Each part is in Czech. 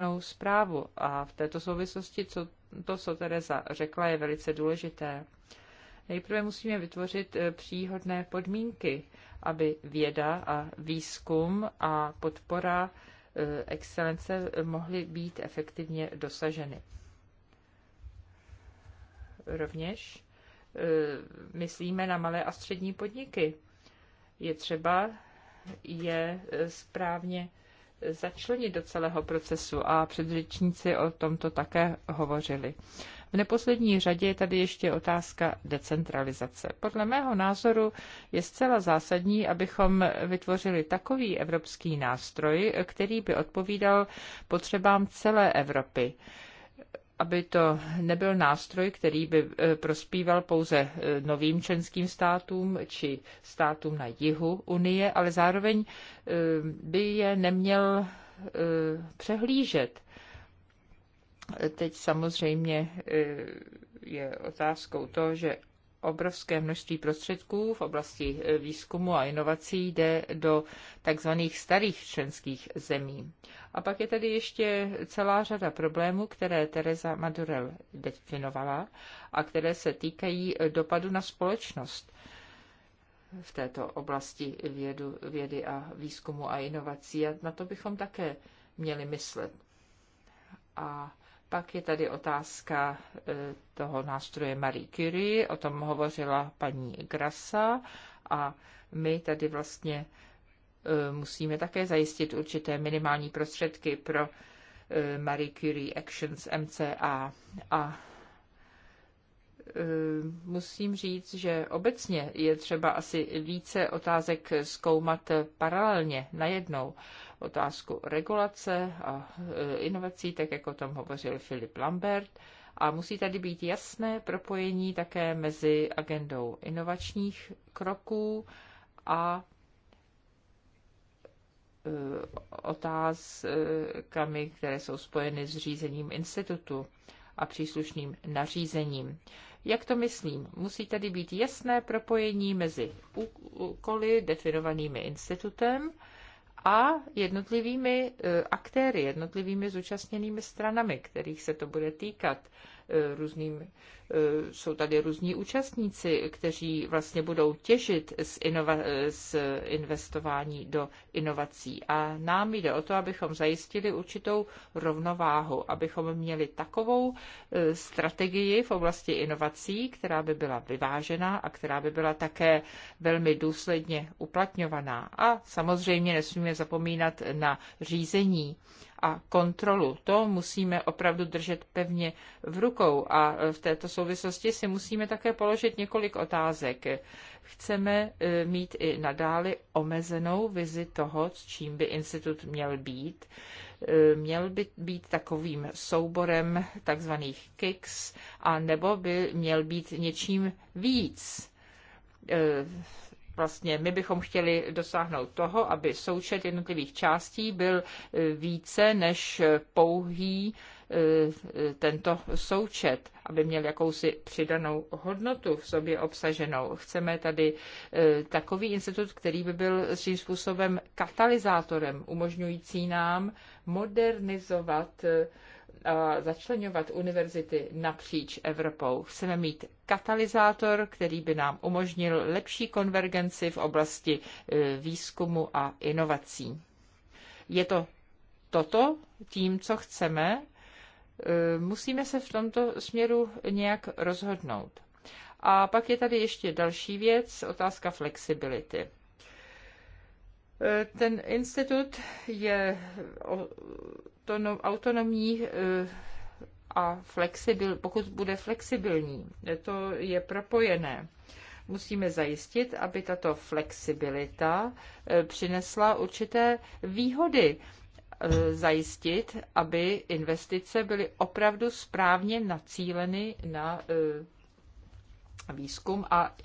důkladnou zprávu. A v této souvislosti co, to, co Tereza řekla, je velice důležité. Nejprve musíme vytvořit eh, příhodné podmínky, aby věda a výzkum a podpora eh, excelence mohly být efektivně dosaženy. Rovněž eh, myslíme na malé a střední podniky. Je třeba je správně začlenit do celého procesu a předřečníci o tomto také hovořili. V neposlední řadě je tady ještě otázka decentralizace. Podle mého názoru je zcela zásadní, abychom vytvořili takový evropský nástroj, který by odpovídal potřebám celé Evropy aby to nebyl nástroj, který by eh, prospíval pouze eh, novým členským státům či státům na jihu Unie, ale zároveň eh, by je neměl přehlížet. Teď samozřejmě je otázkou to, že obrovské množství prostředků v oblasti e, výzkumu a inovací jde do tzv. starých členských zemí. A pak je tady ještě celá řada problémů, které Teresa Madurel definovala a které se týkají e, dopadu na společnost v této oblasti vědu, vědy a výzkumu a inovací. A na to bychom také měli myslet. A pak je tady otázka e, toho nástroje Marie Curie, o tom hovořila paní Grasa a my tady vlastně e, musíme také zajistit určité minimální prostředky pro e, Marie Curie Actions MCA a musím říct, že obecně je třeba asi více otázek zkoumat paralelně, najednou. jednou otázku regulace a e, inovací, tak jako o tom hovořil Filip Lambert. A musí tady být jasné propojení také mezi agendou inovačních kroků a e, otázkami, které jsou spojeny s řízením institutu a příslušným nařízením. Jak to myslím? Musí tady být jasné propojení mezi úkoly definovanými institutem a jednotlivými eh, aktéry, jednotlivými zúčastněnými stranami, kterých se to bude týkat. E, různým, e, jsou tady různí účastníci, kteří vlastně budou těžit z, inova, z investování do inovací. A nám jde o to, abychom zajistili určitou rovnováhu, abychom měli takovou e, strategii v oblasti inovací, která by byla vyvážená a která by byla také velmi důsledně uplatňovaná. A samozřejmě nesmíme zapomínat na řízení a kontrolu. To musíme opravdu držet pevně v rukou a v této souvislosti si musíme také položit několik otázek. Chceme eh, mít i nadále omezenou vizi toho, s čím by institut měl být. Eh, měl by být takovým souborem takzvaných kicks a nebo by měl být něčím víc eh, vlastně my bychom chtěli dosáhnout toho, aby součet jednotlivých částí byl eh, více než pouhý eh, tento součet, aby měl jakousi přidanou hodnotu v sobě obsaženou. Chceme tady eh, takový institut, který by byl svým způsobem katalyzátorem, umožňující nám modernizovat začlenovat univerzity napříč Evropou. Chceme mít katalyzátor, který by nám umožnil lepší konvergenci v oblasti e, výzkumu a inovací. Je to toto tím, co chceme? E, musíme se v tomto směru nějak rozhodnout. A pak je tady ještě další věc, otázka flexibility. E, ten institut je autonom, autonomních eh, a flexibil, pokud bude flexibilní. To je propojené. Musíme zajistit, aby tato flexibilita eh, přinesla určité výhody. Eh, zajistit, aby investice byly opravdu správně nacíleny na výzkum a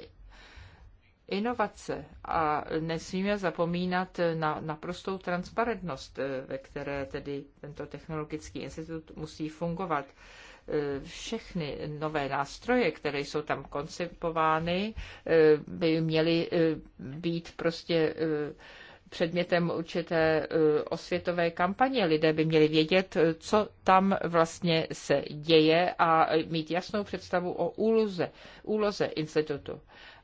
inovace a nesmíme zapomínat na naprostou transparentnost, eh, ve které tedy tento technologický institut musí fungovat. Eh, všechny nové nástroje, které jsou tam koncipovány, eh, by měly být prostě předmětem určité osvětové kampaně. Lidé by měli vědět, co tam vlastně se děje a mít jasnou představu o úloze, úloze institutu.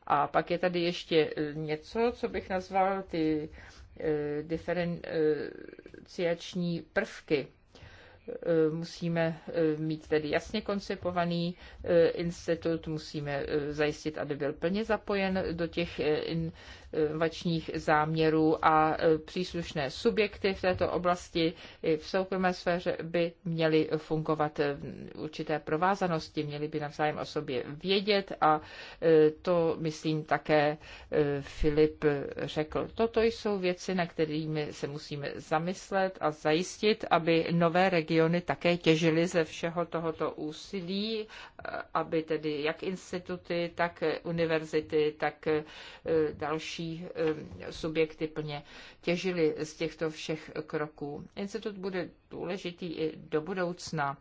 A pak je tady ještě e, něco, co bych nazval ty e, diferenciační prvky e, musíme mít tedy jasně koncipovaný institut, musíme zajistit, aby byl plně zapojen do těch vačních záměrů a e, příslušné subjekty v této oblasti v soukromé sféře by měly fungovat e, v určité provázanosti, měly by navzájem o sobě vědět a e, to, myslím, také Filip řekl. Toto jsou věci, na kterými se musíme zamyslet a zajistit, aby nové regiony také těžily ze všeho tohoto úsilí, aby tedy jak instituty, tak univerzity, tak další Eh, subjekty plně těžily z těchto všech kroků. Institut bude důležitý i do budoucna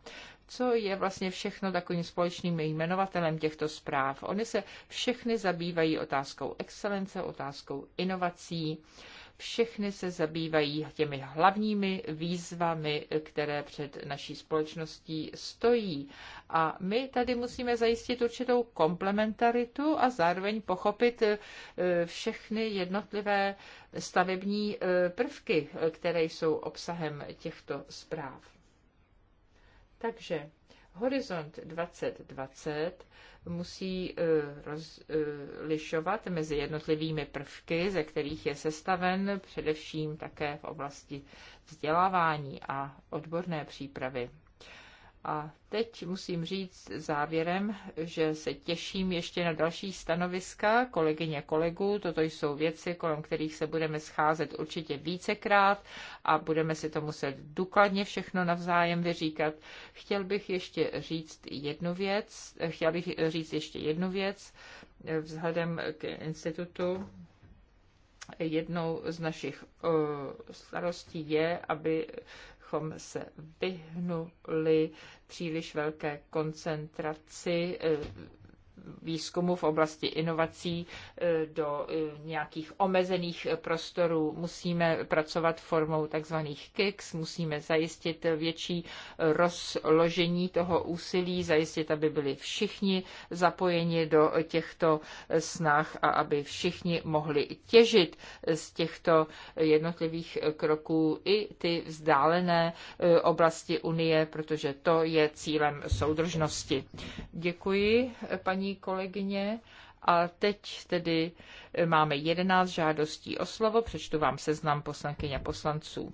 co je vlastně všechno takovým společným jmenovatelem těchto zpráv. Oni se všechny zabývají otázkou excelence, otázkou inovací, všechny se zabývají těmi hlavními výzvami, které před naší společností stojí. A my tady musíme zajistit určitou komplementaritu a zároveň pochopit eh, všechny jednotlivé stavební eh, prvky, které jsou obsahem těchto zpráv. Takže Horizont 2020 musí eh, rozlišovat eh, mezi jednotlivými prvky, ze kterých je sestaven především také v oblasti vzdělávání a odborné přípravy. A teď musím říct závěrem, že se těším ještě na další stanoviska kolegyně kolegů. Toto jsou věci, kolem kterých se budeme scházet určitě vícekrát a budeme si to muset důkladně všechno navzájem vyříkat. Chtěl bych ještě říct jednu věc, chtěl bych říct ještě jednu věc vzhledem k institutu jednou z našich eh, starostí je, aby abychom se vyhnuli příliš velké koncentraci eh, výzkumu v oblasti inovací e, do e, nějakých omezených e, prostorů. Musíme pracovat formou tzv. KICS, musíme zajistit větší rozložení toho úsilí, zajistit, aby byli všichni zapojeni do těchto snah a aby všichni mohli těžit z těchto jednotlivých kroků i ty vzdálené oblasti Unie, protože to je cílem soudržnosti. Děkuji, paní paní kolegyně. A teď tedy eh, máme 11 žádostí o slovo. Přečtu vám seznam poslankyně a poslanců.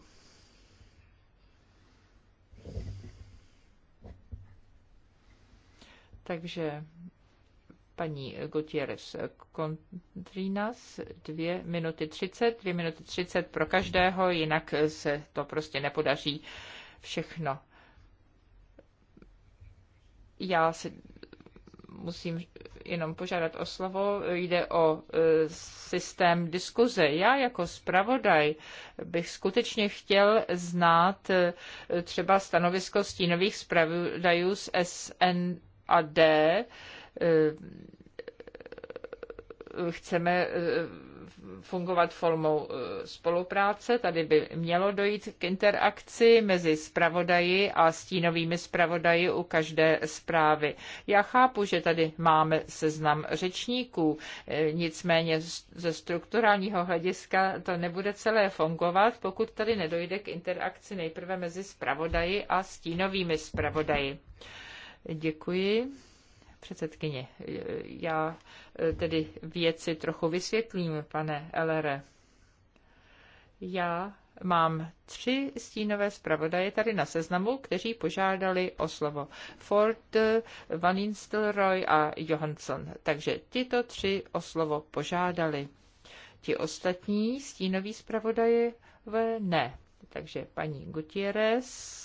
Takže paní Gutierrez Contrinas, dvě minuty třicet, dvě minuty třicet pro každého, jinak se to prostě nepodaří všechno. Já si musím jenom požádat o slovo. Jde o e, systém diskuze. Já jako zpravodaj bych skutečně chtěl znát e, třeba stanovisko stínových zpravodajů z SNAD. E, chceme fungovat formou eh, spolupráce. Tady by mělo dojít k interakci mezi spravodají a stínovými spravodají u každé zprávy. Já chápu, že tady máme seznam řečníků, eh, nicméně ze strukturálního hlediska to nebude celé fungovat, pokud tady nedojde k interakci nejprve mezi spravodají a stínovými spravodají. Děkuji. Předsedkyně, já eh, tedy věci trochu vysvětlím, pane LR. Já mám tři stínové zpravodaje tady na seznamu, kteří požádali o slovo Ford, Van Instelroy a Johansson. Takže tito tři o slovo požádali. Ti ostatní stínoví zpravodaje ne. Takže paní Gutierrez,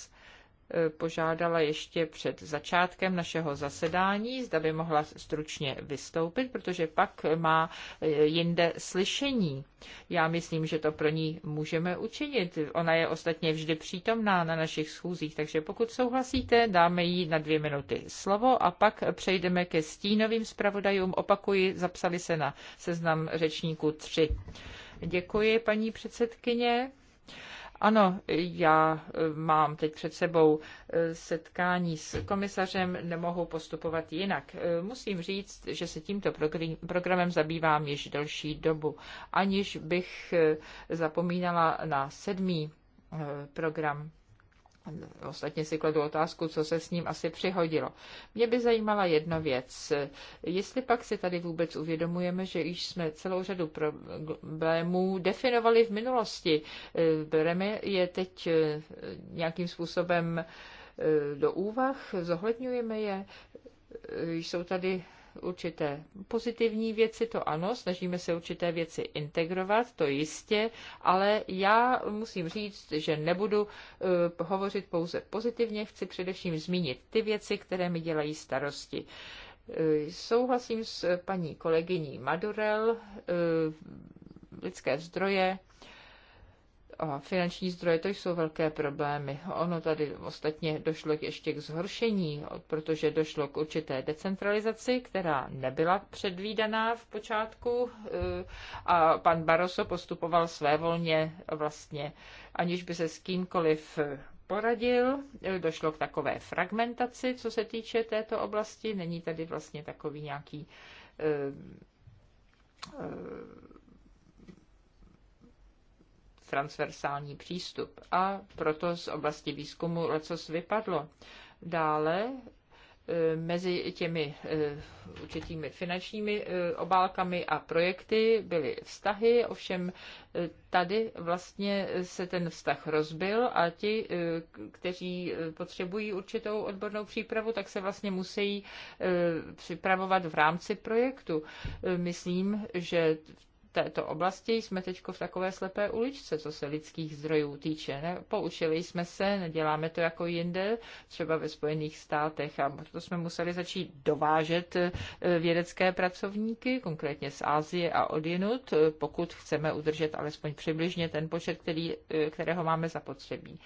požádala ještě před začátkem našeho zasedání, zda by mohla stručně vystoupit, protože pak má e, jinde slyšení. Já myslím, že to pro ní můžeme učinit. Ona je ostatně vždy přítomná na našich schůzích, takže pokud souhlasíte, dáme jí na dvě minuty slovo a pak přejdeme ke stínovým zpravodajům. Opakuji, zapsali se na seznam řečníků tři. Děkuji, paní předsedkyně. Ano, já e, mám teď před sebou e, setkání s komisařem, nemohu postupovat jinak. E, musím říct, že se tímto programem zabývám již delší dobu, aniž bych zapomínala na sedmý program Ostatně si kladu otázku, co se s ním asi přihodilo. Mě by zajímala jedna věc. Jestli pak si tady vůbec uvědomujeme, že již jsme celou řadu problémů definovali v minulosti. Bereme je teď eh, nějakým způsobem eh, do úvah, zohledňujeme je, eh, jsou tady určité pozitivní věci, to ano, snažíme se určité věci integrovat, to jistě, ale já musím říct, že nebudu uh, hovořit pouze pozitivně, chci především zmínit ty věci, které mi dělají starosti. Uh, souhlasím s paní kolegyní Madurel, uh, lidské zdroje, a finanční zdroje, to jsou velké problémy. Ono tady ostatně došlo ještě k zhoršení, protože došlo k určité decentralizaci, která nebyla předvídaná v počátku eh, a pan Baroso postupoval svévolně vlastně, aniž by se s kýmkoliv poradil. Došlo k takové fragmentaci, co se týče této oblasti. Není tady vlastně takový nějaký eh, eh, transversální přístup a proto z oblasti výzkumu lecos vypadlo. Dále e, mezi těmi e, určitými finančními e, obálkami a projekty byly vztahy, ovšem tady vlastně se ten vztah rozbil a ti, kteří potřebují určitou odbornou přípravu, tak se vlastně musí připravovat v rámci projektu. Myslím, že v této oblasti jsme teď v takové slepé uličce, co se lidských zdrojů týče. Ne? Poučili jsme se, neděláme to jako jinde, třeba ve Spojených státech a proto jsme museli začít dovážet e, vědecké pracovníky, konkrétně z Ázie a odinut, e, pokud chceme udržet alespoň přibližně ten počet, který, e, kterého máme zapotřebí. potřebí.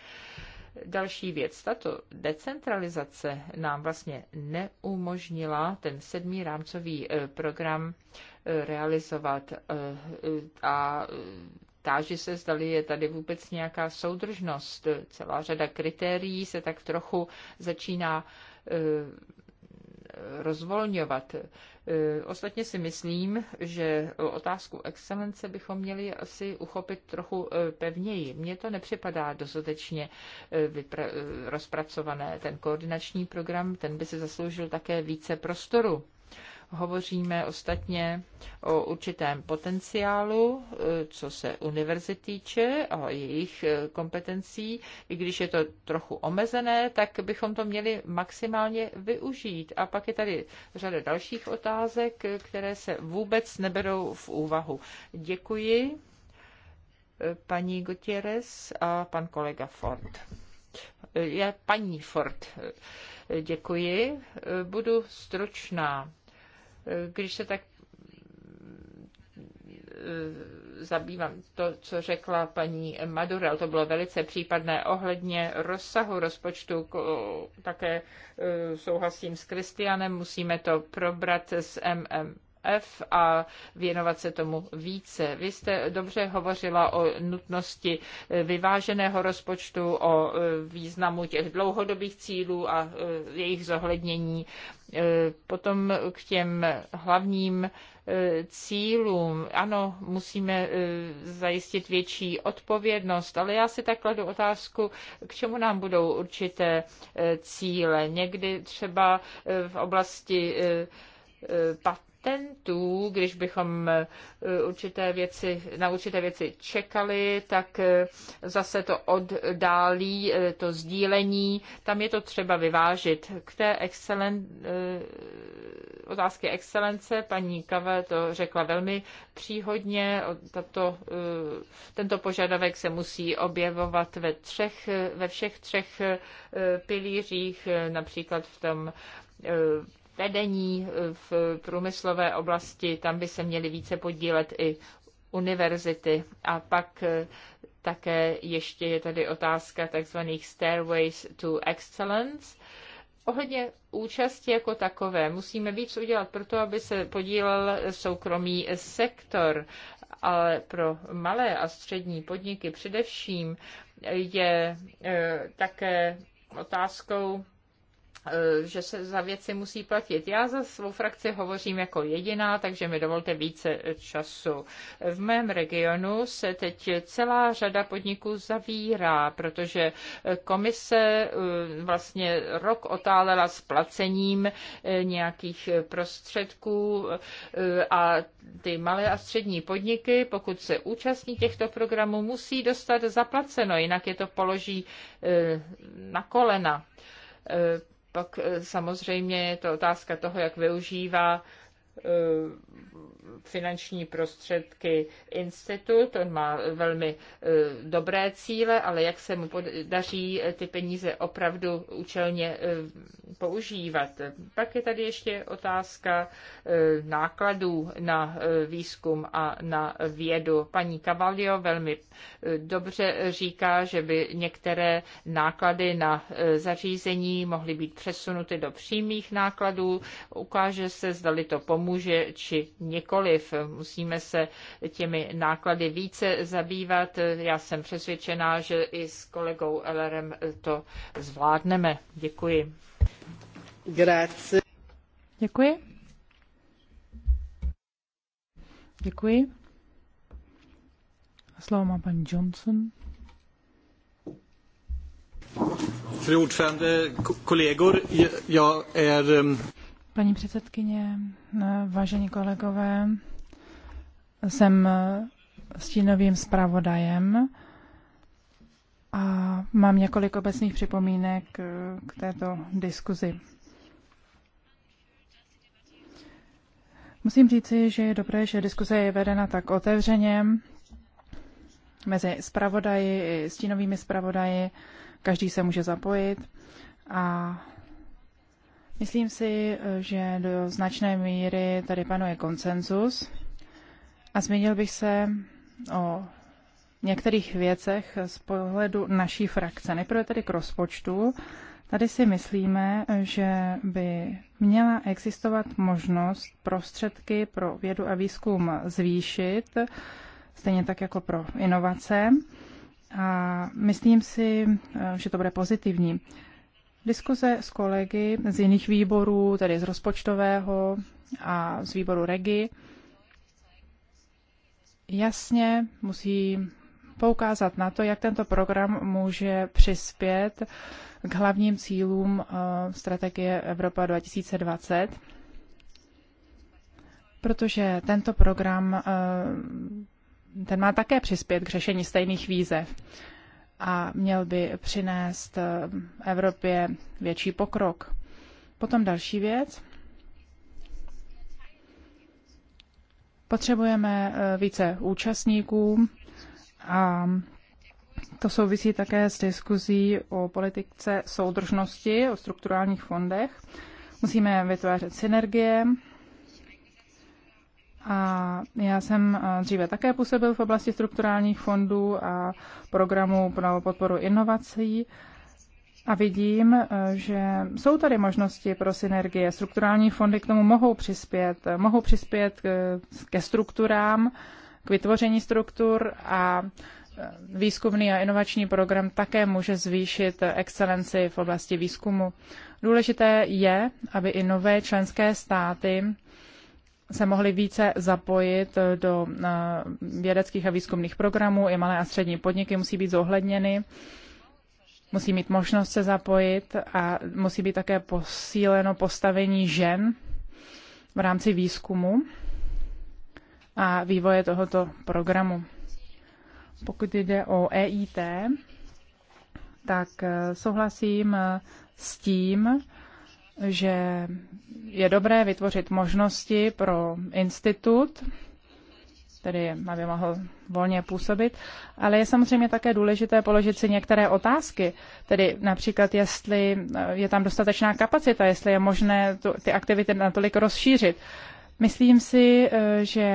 Další věc, tato decentralizace nám vlastně neumožnila ten sedmý rámcový eh, program eh, realizovat eh, a Táži se, zdali je tady vůbec nějaká soudržnost. Celá řada kritérií se tak trochu začíná rozvolňovat. E, ostatně si myslím, že otázku excelence bychom měli asi uchopit trochu e, pevněji. Mně to nepřipadá dostatečně e, rozpracované. Ten koordinační program, ten by si zasloužil také více prostoru Hovoříme ostatně o určitém potenciálu, eh, co se univerzit týče a jejich eh, kompetencí. I když je to trochu omezené, tak bychom to měli maximálně využít. A pak je tady řada dalších otázek, eh, které se vůbec neberou v úvahu. Děkuji paní Gutierrez a pan kolega Ford. Já paní Ford. Děkuji. Budu stručná. Když se tak eh, zabývám to, co řekla paní Madura, to bylo velice případné ohledně rozsahu rozpočtu, také eh, souhlasím s Kristianem, musíme to probrat s MM F a věnovat se tomu více. Vy jste dobře hovořila o nutnosti vyváženého rozpočtu, o e, významu těch dlouhodobých cílů a e, jejich zohlednění. E, potom k těm hlavním cílům. Ano, musíme zajistit větší odpovědnost, ale já si tak kladu otázku, k čemu nám budou určité cíle. Někdy třeba v oblasti patentů, když bychom eh, určité věci, na určité věci čekali, tak eh, zase to oddálí eh, to sdílení. Tam je to třeba vyvážit. K té excelen, otázky excelence paní Kave to řekla velmi příhodně. Tato, tento požadavek se musí objevovat ve, třech, ve všech třech pilířích, například v tom vedení eh, v průmyslové oblasti, tam by se měly více podílet i univerzity. A pak eh, také ještě je tady otázka tzv. Stairways to Excellence. Ohledně účasti jako takové musíme víc udělat proto, aby se podílel soukromý sektor, ale pro malé a střední podniky především je eh, také otázkou E, že se za věci musí platit. Já za svou frakci hovořím jako jediná, takže mi dovolte více času. V mém regionu se teď celá řada podniků zavírá, protože komise e, vlastně rok otálela s placením e, nějakých prostředků a ty malé a střední podniky, pokud se účastní těchto programů, musí dostat zaplaceno, jinak je to položí na kolena pak eh, samozřejmě je to otázka toho, jak využívá Eh, finanční prostředky institut, on má velmi eh, dobré cíle, ale jak se mu podaří eh, ty peníze opravdu účelně používat. Pak je tady ještě otázka nákladů na výzkum a na vědu. Paní Cavalio velmi dobře říká, že by některé náklady na zařízení mohly být přesunuty do přímých nákladů. Ukáže se, zdali to pomůže pomůže či nikoliv. Musíme se těmi náklady více zabývat. Já jsem přesvědčená, že i s kolegou Ellerem to zvládneme. Děkuji. Grazie. Děkuji. Děkuji. Slovo má paní Johnson. Fru ordförande, kollegor, jag är... Ehm, Paní předsedkyně, eh, vážení kolegové, jsem eh, stínovým zpravodajem a mám několik obecných připomínek eh, k této diskuzi. Musím říci, že je dobré, že diskuze je vedena tak otevřeně mezi zpravodaji i stínovými zpravodaji. Každý se může zapojit a Myslím si, eh, že do značné míry tady panuje konsenzus a zmínil bych se o některých věcech z pohledu naší frakce. Nejprve tedy k rozpočtu. Tady si myslíme, že by měla existovat možnost prostředky pro vědu a výzkum zvýšit, stejně tak jako pro inovace. A myslím si, eh, že to bude pozitivní. Diskuze s kolegy z jiných výborů, tedy z rozpočtového a z výboru REGI, jasně musí poukázat na to, jak tento program může přispět k hlavním cílům eh, strategie Evropa 2020, protože tento program eh, ten má také přispět k řešení stejných výzev a měl by přinést eh, Evropě větší pokrok. Potom další věc. Potřebujeme eh, více účastníků a to souvisí také s diskuzí o politice soudržnosti, o strukturálních fondech. Musíme vytvářet synergie a já jsem eh, dříve také působil v oblasti strukturálních fondů a programů pro podporu inovací. A vidím, eh, že jsou tady možnosti pro synergie. Strukturální fondy k tomu mohou přispět. Eh, mohou přispět ke strukturám, k vytvoření struktur a výzkumný a inovační program také může zvýšit excelenci v oblasti výzkumu. Důležité je, aby i nové členské státy se mohli více zapojit do eh, vědeckých a výzkumných programů. I malé a střední podniky musí být zohledněny, musí mít možnost se zapojit a musí být také posíleno postavení žen v rámci výzkumu a vývoje tohoto programu. Pokud jde o EIT, tak eh, souhlasím eh, s tím, že je dobré vytvořit možnosti pro institut, tedy aby mohl volně působit, ale je samozřejmě také důležité položit si některé otázky, tedy například, jestli eh, je tam dostatečná kapacita, jestli je možné tu, ty aktivity natolik rozšířit. Myslím si, eh, že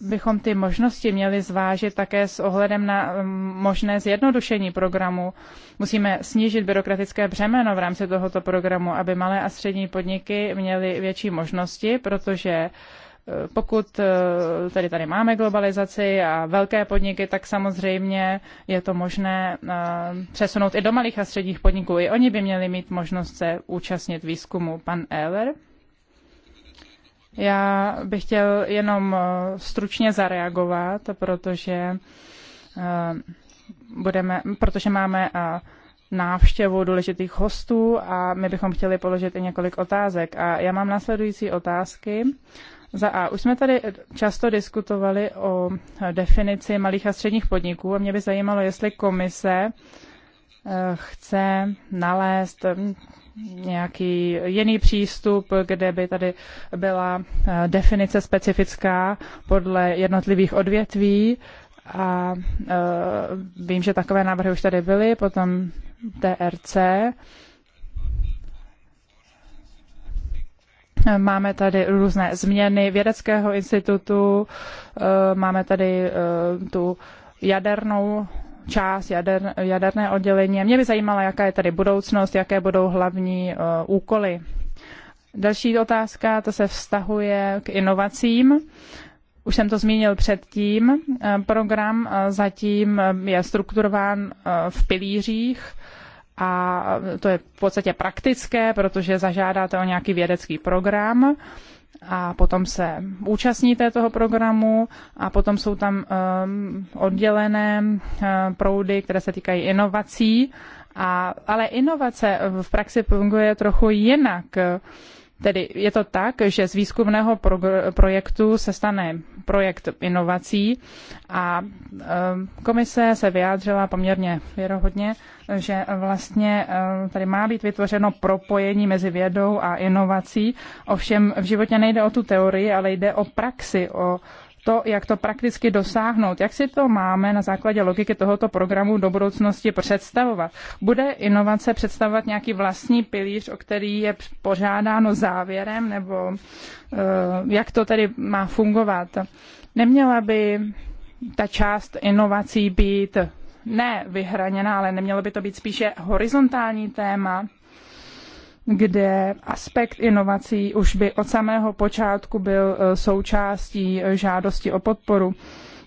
bychom ty možnosti měli zvážit také s ohledem na mm, možné zjednodušení programu. Musíme snížit byrokratické břemeno v rámci tohoto programu, aby malé a střední podniky měly větší možnosti, protože e, pokud e, tady tady máme globalizaci a velké podniky, tak samozřejmě je to možné e, přesunout i do malých a středních podniků. I oni by měli mít možnost se účastnit výzkumu. Pan Eller? Já bych chtěl jenom eh, stručně zareagovat, protože eh, budeme, protože máme eh, návštěvu důležitých hostů a my bychom chtěli položit i několik otázek. A já mám následující otázky. Za A. Už jsme tady často diskutovali o definici malých a středních podniků a mě by zajímalo, jestli komise chce nalézt hm, nějaký jiný přístup, kde by tady byla eh, definice specifická podle jednotlivých odvětví. A eh, vím, že takové návrhy už tady byly, potom TRC. Máme tady různé změny vědeckého institutu, eh, máme tady tu jadernou část jader, jaderné oddělení. Mě by zajímala, jaká je tady budoucnost, jaké budou hlavní uh, úkoly. Další otázka, to se vztahuje k inovacím. Už jsem to zmínil předtím. Eh, program eh, zatím je strukturován v pilířích a to je v podstatě praktické, protože zažádáte o nějaký vědecký program a potom se účastníte toho programu a potom jsou tam um, oddělené um, proudy, které se týkají inovací, a, ale inovace v praxi funguje trochu jinak. Tedy je to tak, že z výzkumného projektu se stane projekt inovací a um, komise se vyjádřila poměrně věrohodně že vlastně eh, tady má být vytvořeno propojení mezi vědou a inovací. Ovšem v životě nejde o tu teorii, ale jde o praxi, o to, jak to prakticky dosáhnout. Jak si to máme na základě logiky tohoto programu do budoucnosti představovat? Bude inovace představovat nějaký vlastní pilíř, o který je požádáno závěrem, nebo eh, jak to tedy má fungovat? Neměla by ta část inovací být ne vyhraněná, ale nemělo by to být spíše horizontální téma, kde aspekt inovací už by od samého počátku byl eh, součástí eh, žádosti o podporu.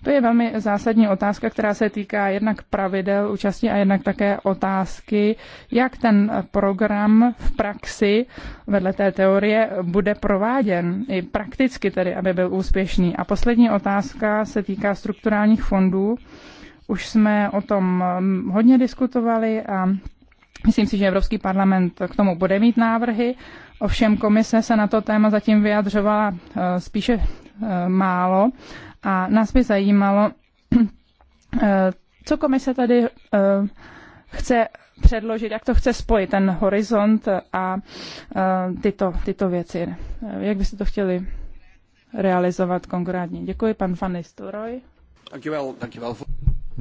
To je velmi zásadní otázka, která se týká jednak pravidel účasti a jednak také otázky, jak ten program v praxi vedle té teorie bude prováděn, i prakticky tedy, aby byl úspěšný. A poslední otázka se týká strukturálních fondů. Už jsme o tom mm, hodně diskutovali a myslím si, že Evropský parlament k tomu bude mít návrhy. Ovšem komise se na to téma zatím vyjadřovala eh, spíše eh, málo a nás by zajímalo, eh, co komise tady chce předložit, jak to chce spojit, ten horizont a tyto, tyto věci. Jak byste to chtěli realizovat konkrétně? Děkuji, pan Van Nistelrooy.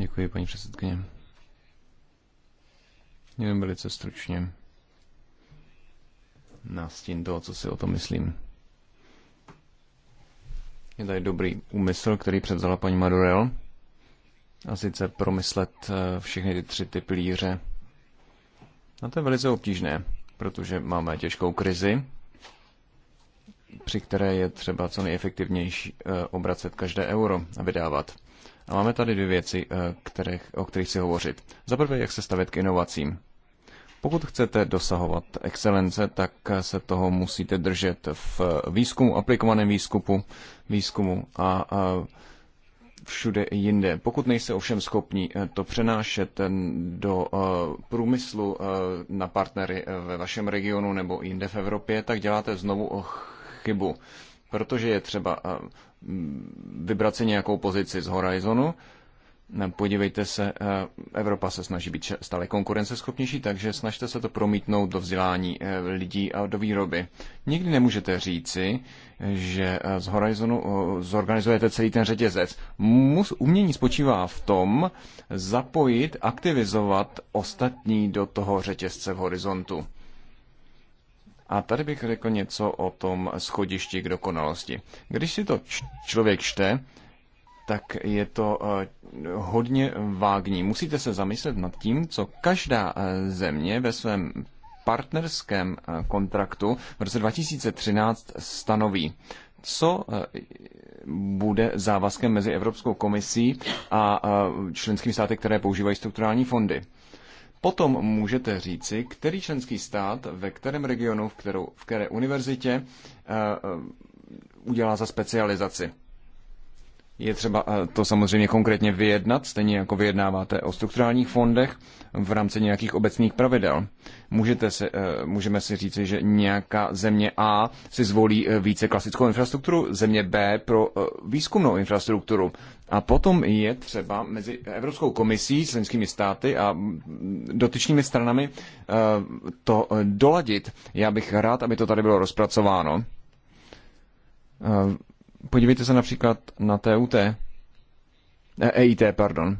Děkuji, paní předsedkyně. Jen velice stručně nástín toho, co si o tom myslím. Je tady dobrý úmysl, který předzala paní Madurel. A sice promyslet eh, všechny ty tři ty pilíře. A to je velice obtížné, protože máme těžkou krizi, při které je třeba co nejefektivnější eh, obracet každé euro a vydávat. A máme tady dvě věci, eh, kterých, o kterých chci hovořit. Za prvé, jak se stavět k inovacím. Pokud chcete dosahovat excelence, tak eh, se toho musíte držet v eh, výzkumu, aplikovaném výzkumu, výzkumu a, a všude jinde. Pokud nejste ovšem schopni to přenášet do průmyslu na partnery ve vašem regionu nebo jinde v Evropě, tak děláte znovu chybu protože je třeba eh, vybrat si nějakou pozici z horizonu. Podívejte se, eh, Evropa se snaží být stále konkurenceschopnější, takže snažte se to promítnout do vzdělání eh, lidí a do výroby. Nikdy nemůžete říci, že z horizonu zorganizujete celý ten řetězec. Mus, umění spočívá v tom zapojit, aktivizovat ostatní do toho řetězce v horizontu. A tady bych řekl něco o tom schodišti k dokonalosti. Když si to člověk čte, tak je to eh, hodně vágní. Musíte se zamyslet nad tím, co každá eh, země ve svém partnerském eh, kontraktu v roce 2013 stanoví. Co bude závazkem mezi Evropskou komisí a členskými státy, které používají strukturální fondy? Potom můžete říci, který členský stát, ve kterém regionu, v, kterou, v které univerzitě uh, udělá za specializaci. Je třeba eh, to samozřejmě konkrétně vyjednat, stejně jako vyjednáváte o strukturálních fondech v rámci nějakých obecných pravidel. Můžete si, eh, můžeme si říci, že nějaká země A si zvolí eh, více klasickou infrastrukturu, země B pro výzkumnou infrastrukturu. A potom je třeba mezi Evropskou komisí, členskými státy a mm, dotyčnými stranami to doladit. Já bych rád, aby to tady bylo rozpracováno Podívejte se například na TUT, EIT, eh, e pardon.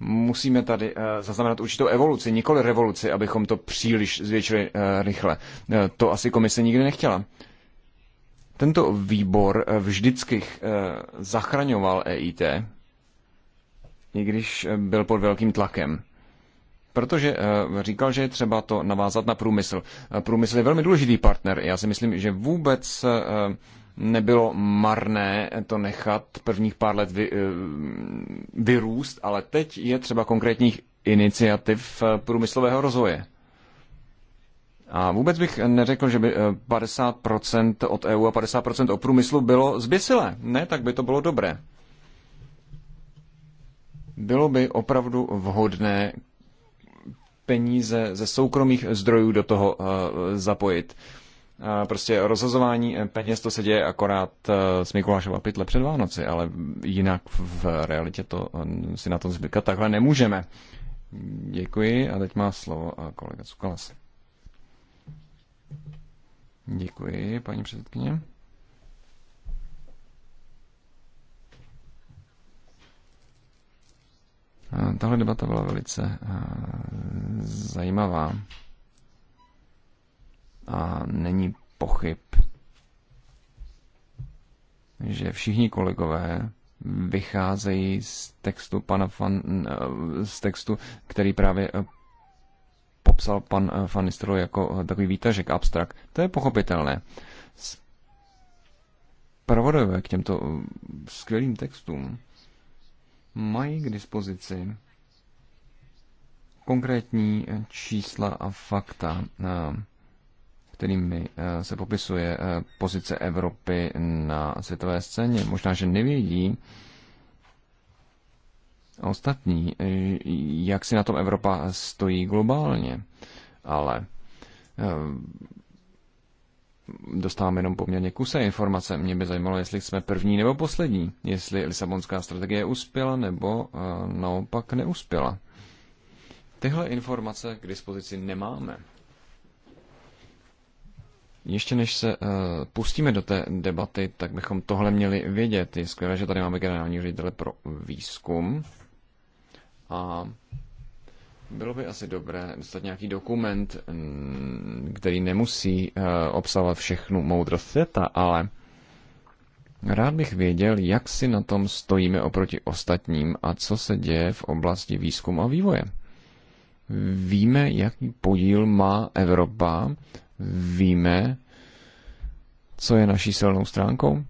Musíme tady eh, zaznamenat určitou evoluci, nikoli revoluci, abychom to příliš zvětšili eh, rychle. To asi komise nikdy nechtěla. Tento výbor vždycky zachraňoval EIT, i když byl pod velkým tlakem. Protože říkal, že je třeba to navázat na průmysl. Průmysl je velmi důležitý partner. Já si myslím, že vůbec nebylo marné to nechat prvních pár let vy, eh, vyrůst, ale teď je třeba konkrétních iniciativ eh, průmyslového rozvoje. A vůbec bych neřekl, že by 50% eh, od EU a 50% o průmyslu bylo zběsilé. Ne, tak by to bylo dobré. Bylo by opravdu vhodné peníze ze soukromých zdrojů do toho zapojit prostě rozhazování eh, peněz to se děje akorát eh, s Mikulášova pytle před Vánoci, ale jinak v realitě to eh, si na tom zbytkat takhle nemůžeme. Děkuji a teď má slovo kolega Cukalas. Děkuji, paní předsedkyně. Tahle debata byla velice zajímavá a není pochyb, že všichni kolegové vycházejí z textu, pana fan, eh, z textu který právě eh, popsal pan Fanistro eh, jako takový výtažek, abstrakt. To je pochopitelné. Pravodové k těmto skvělým textům mají k dispozici konkrétní čísla a fakta kterými eh, se popisuje eh, pozice Evropy na světové scéně. Možná, že nevědí ostatní, eh, jak si na tom Evropa stojí globálně, ale dostáváme jenom poměrně kuse informace. Mě by zajímalo, jestli jsme první nebo poslední, jestli Lisabonská strategie uspěla nebo naopak neuspěla. Tyhle informace k dispozici nemáme. Ještě než se uh, pustíme do té debaty, tak bychom tohle měli vědět. Je skvělé, že tady máme generální ředitele pro výzkum. A bylo by asi dobré dostat nějaký dokument, mm, který nemusí uh, obsahovat všechnu moudrost světa, ale rád bych věděl, jak si na tom stojíme oproti ostatním a co se děje v oblasti výzkumu a vývoje. Víme, jaký podíl má Evropa víme, co je naší silnou stránkou.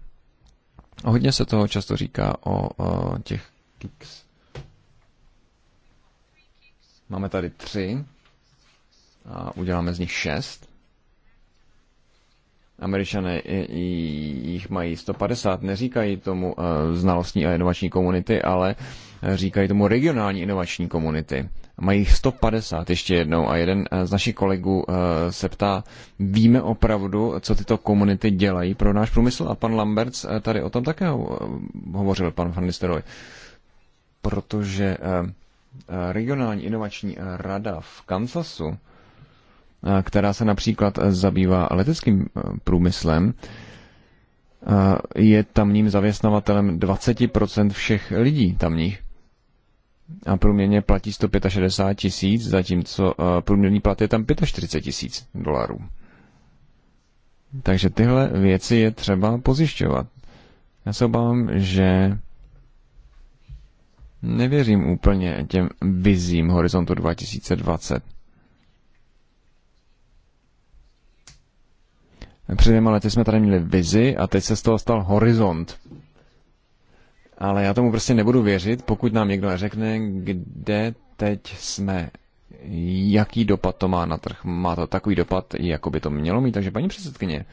A hodně se toho často říká o, o těch kicks. Máme tady tři a uděláme z nich šest. Američané jich mají 150, neříkají tomu eh, znalostní a inovační komunity, ale eh, říkají tomu regionální inovační komunity. Mají jich 150 ještě jednou a jeden eh, z našich kolegů se ptá, víme opravdu, co tyto komunity dělají pro náš průmysl? A pan Lamberts tady o tom také hovořil, pan Van Protože regionální inovační rada v Kansasu Eh, která se například eh, zabývá leteckým eh, průmyslem, je tamním zaměstnavatelem 20% všech lidí tamních. A průměrně platí 165 tisíc, zatímco průměrný plat je tam 45 tisíc dolarů. Takže tyhle věci je třeba pozjišťovat. Já se obávám, že nevěřím úplně těm vizím Horizontu 2020. Před dvěma lety jsme tady měli vizi a teď se z toho stal horizont. Ale já tomu prostě nebudu věřit, pokud nám někdo neřekne, kde teď jsme, jaký dopad to má na trh. Má to takový dopad, jako by to mělo mít. Takže paní předsedkyně,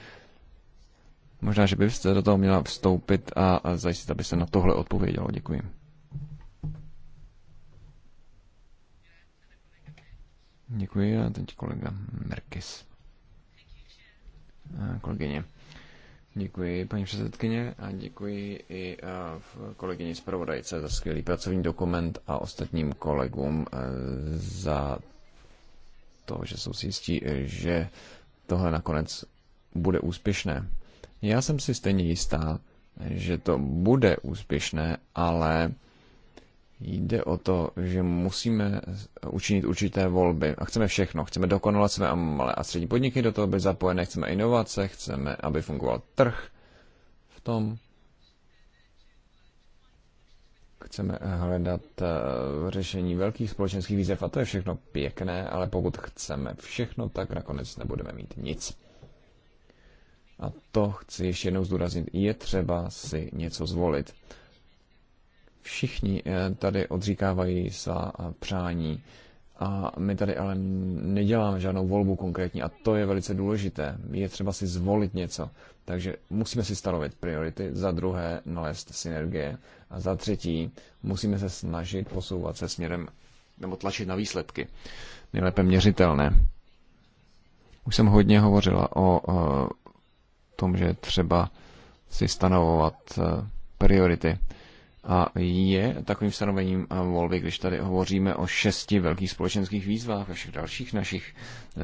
možná, že byste do toho měla vstoupit a, a zajistit, aby se na tohle odpovědělo. Děkuji. Děkuji a teď kolega Merkis. Eh, kolegyně. Děkuji, paní předsedkyně, a děkuji i eh, kolegyni zpravodajce za skvělý pracovní dokument a ostatním kolegům eh, za to, že jsou si jistí, že tohle nakonec bude úspěšné. Já jsem si stejně jistá, že to bude úspěšné, ale Jde o to, že musíme učinit určité volby a chceme všechno. Chceme dokonalost, chceme malé a střední podniky do toho být zapojené, chceme inovace, chceme, aby fungoval trh v tom. Chceme hledat eh, řešení velkých společenských výzev a to je všechno pěkné, ale pokud chceme všechno, tak nakonec nebudeme mít nic. A to chci ještě jednou zdůraznit, je třeba si něco zvolit. Všichni eh, tady odříkávají svá eh, přání a my tady ale neděláme žádnou volbu konkrétní a to je velice důležité. Je třeba si zvolit něco. Takže musíme si stanovit priority, za druhé nalézt synergie a za třetí musíme se snažit posouvat se směrem nebo tlačit na výsledky. Nejlépe měřitelné. Už jsem hodně hovořila o, o eh, tom, že třeba si stanovovat priority. A je takovým stanovením volby, když tady hovoříme o šesti velkých společenských výzvách a všech dalších našich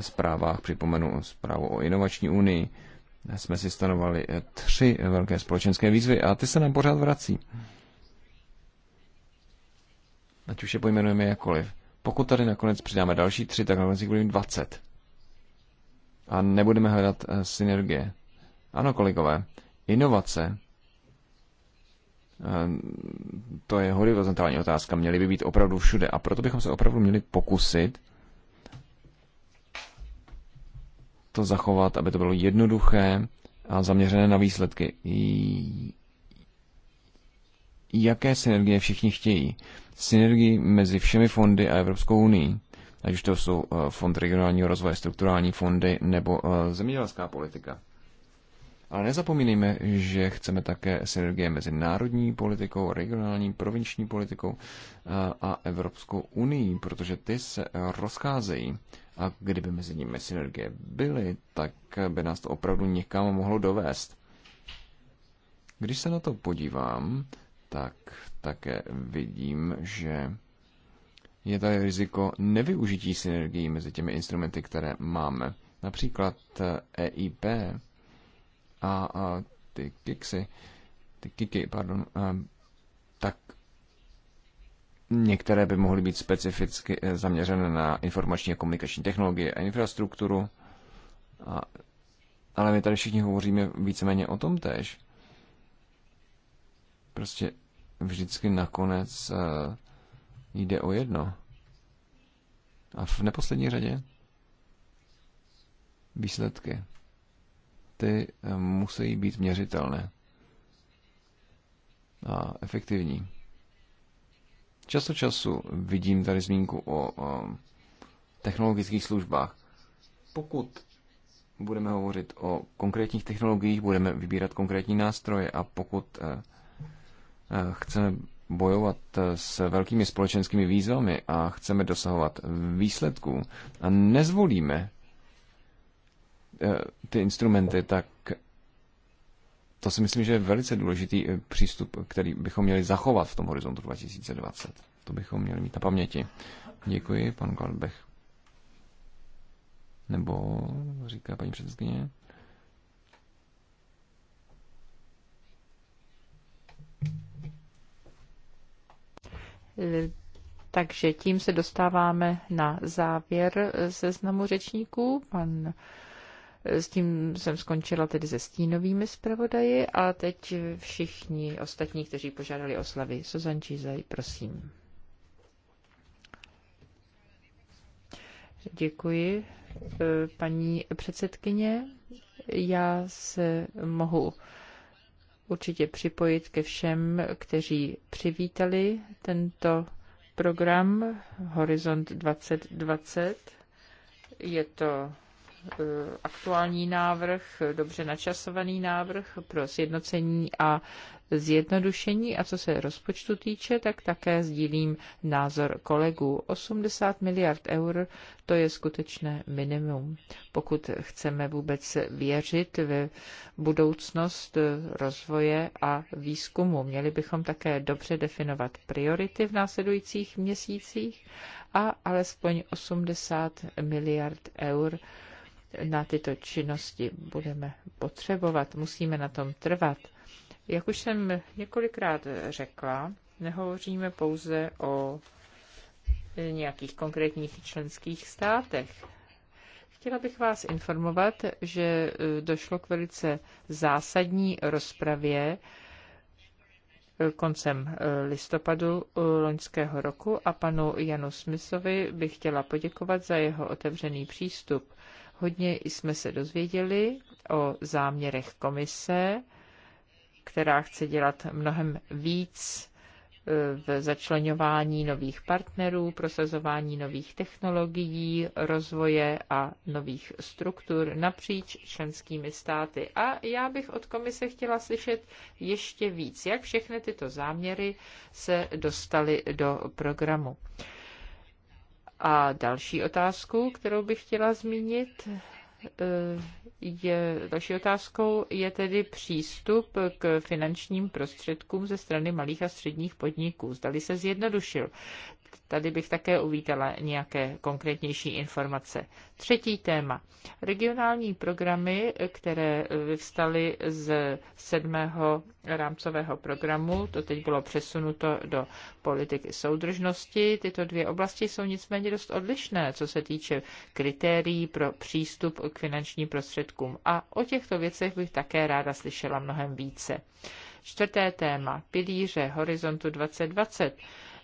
zprávách, připomenu zprávu o inovační unii, jsme si stanovali tři velké společenské výzvy a ty se nám pořád vrací. Ať už je pojmenujeme jakkoliv. Pokud tady nakonec přidáme další tři, tak nakonec jich budeme 20. A nebudeme hledat eh, synergie. Ano, kolegové, inovace to je horizontální otázka, měly by být opravdu všude. A proto bychom se opravdu měli pokusit to zachovat, aby to bylo jednoduché a zaměřené na výsledky. Jaké synergie všichni chtějí? Synergii mezi všemi fondy a Evropskou unii, ať už to jsou eh, Fond regionálního rozvoje, strukturální fondy nebo eh, zemědělská politika. Ale nezapomínejme, že chceme také synergie mezi národní politikou, regionální, provinční politikou eh, a Evropskou unii, protože ty se rozcházejí. A kdyby mezi nimi synergie byly, tak by nás to opravdu někam mohlo dovést. Když se na to podívám, tak také vidím, že je tady riziko nevyužití synergií mezi těmi instrumenty, které máme. Například EIP eh, e a, a ty kiksy, ty kiky, pardon, a, tak některé by mohly být specificky eh, zaměřené na informační a komunikační technologie a infrastrukturu, a, ale my tady všichni hovoříme víceméně o tom tež. Prostě vždycky nakonec a, eh, jde o jedno. A v neposlední řadě výsledky ty eh, musí být měřitelné a efektivní. Často času vidím tady zmínku o, o eh, technologických službách. Pokud budeme hovořit o konkrétních technologiích, budeme vybírat konkrétní nástroje a pokud eh, chceme bojovat s velkými společenskými výzvami a chceme dosahovat výsledků a nezvolíme Eh, ty instrumenty, tak to si myslím, že je velice důležitý eh, přístup, který bychom měli zachovat v tom horizontu 2020. To bychom měli mít na paměti. Děkuji, pan Gladbech. Nebo říká paní předsedkyně. Takže tím se dostáváme na závěr eh, seznamu řečníků. Pan s tím jsem skončila tedy se stínovými zpravodaji a teď všichni ostatní, kteří požádali o slavy. Suzan Čízaj, prosím. Děkuji, e, paní předsedkyně. Já se mohu určitě připojit ke všem, kteří přivítali tento program Horizont 2020. Je to Eh, aktuální návrh, dobře načasovaný návrh pro sjednocení a zjednodušení. A co se rozpočtu týče, tak také sdílím názor kolegů. 80 miliard eur to je skutečné minimum, pokud chceme vůbec věřit ve budoucnost rozvoje a výzkumu. Měli bychom také dobře definovat priority v následujících měsících a alespoň 80 miliard eur na tyto činnosti budeme potřebovat, musíme na tom trvat. Jak už jsem několikrát řekla, nehovoříme pouze o nějakých konkrétních členských státech. Chtěla bych vás informovat, že došlo k velice zásadní rozpravě koncem listopadu loňského roku a panu Janu Smysovi bych chtěla poděkovat za jeho otevřený přístup. Hodně jsme se dozvěděli o záměrech komise, která chce dělat mnohem víc eh, v začlenování nových partnerů, prosazování nových technologií, rozvoje a nových struktur napříč členskými státy. A já bych od komise chtěla slyšet ještě víc, jak všechny tyto záměry se dostaly do programu. A další otázku, kterou bych chtěla zmínit, eh, je, další otázkou je tedy přístup k finančním prostředkům ze strany malých a středních podniků. Zdali se zjednodušil. Tady bych také uvítala nějaké konkrétnější informace. Třetí téma. Regionální programy, které vyvstaly z sedmého rámcového programu, to teď bylo přesunuto do politiky soudržnosti. Tyto dvě oblasti jsou nicméně dost odlišné, co se týče kritérií pro přístup k finančním prostředkům. A o těchto věcech bych také ráda slyšela mnohem více. Čtvrté téma. Pilíře Horizontu 2020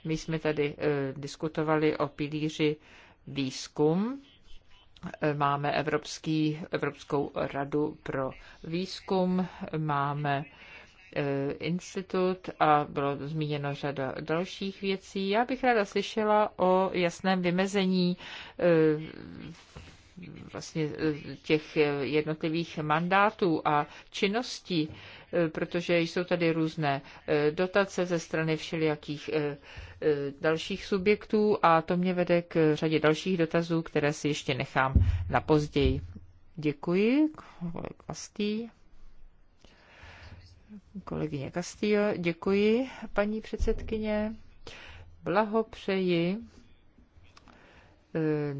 my jsme tady eh, diskutovali o pilíři výzkum. Eh, máme Evropský, Evropskou radu pro výzkum, máme eh, institut a bylo zmíněno řada dalších věcí. Já bych ráda slyšela o jasném vymezení vlastně e, těch e, jednotlivých mandátů a činností, e, protože jsou tady různé dotace ze strany všelijakých dalších subjektů a to mě vede k řadě dalších dotazů, které si ještě nechám na později. Děkuji, kolega Kastý. Kolegyně Kastýl, děkuji, paní předsedkyně. Blahopřeji Eh,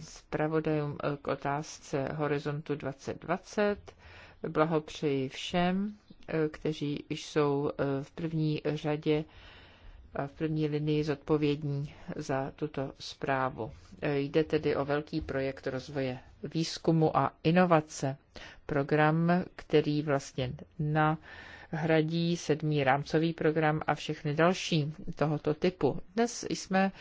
zpravodajům eh, k otázce Horizontu 2020. Blahopřeji všem, eh, kteří jsou v první řadě a v první linii zodpovědní za tuto zprávu. Jde tedy o velký projekt rozvoje výzkumu a inovace. Program, který vlastně na hradí sedmý rámcový program a všechny další tohoto typu. Dnes jsme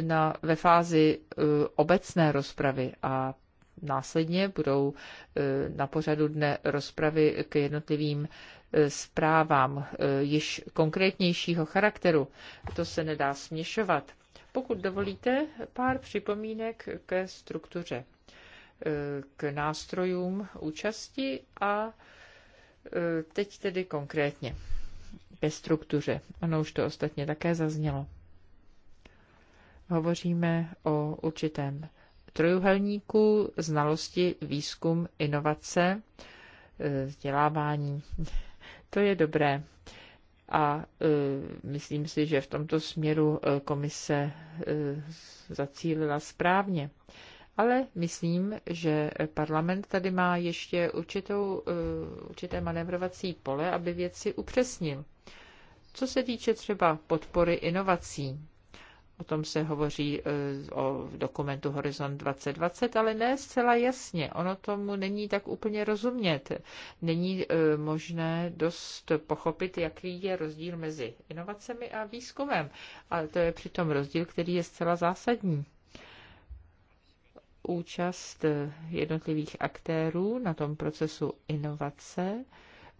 na, ve fázi e, obecné rozpravy a následně budou e, na pořadu dne rozpravy k jednotlivým e, zprávám již konkrétnějšího charakteru. To se nedá směšovat. Pokud dovolíte, pár připomínek ke struktuře, k nástrojům účasti a Eh, teď tedy konkrétně ke struktuře. Ono už to ostatně také zaznělo. Hovoříme o určitém trojuhelníku znalosti, výzkum, inovace, eh, vzdělávání. To je dobré. A eh, myslím si, že v tomto směru komise zacílila správně ale myslím, že parlament tady má ještě určitou, eh, určité manevrovací pole, aby věci upřesnil. Co se týče třeba podpory inovací, o tom se hovoří eh, o dokumentu Horizont 2020, ale ne zcela jasně. Ono tomu není tak úplně rozumět. Není eh, možné dost pochopit, jaký je rozdíl mezi inovacemi a výzkumem. Ale to je přitom rozdíl, který je zcela zásadní účast jednotlivých aktérů na tom procesu inovace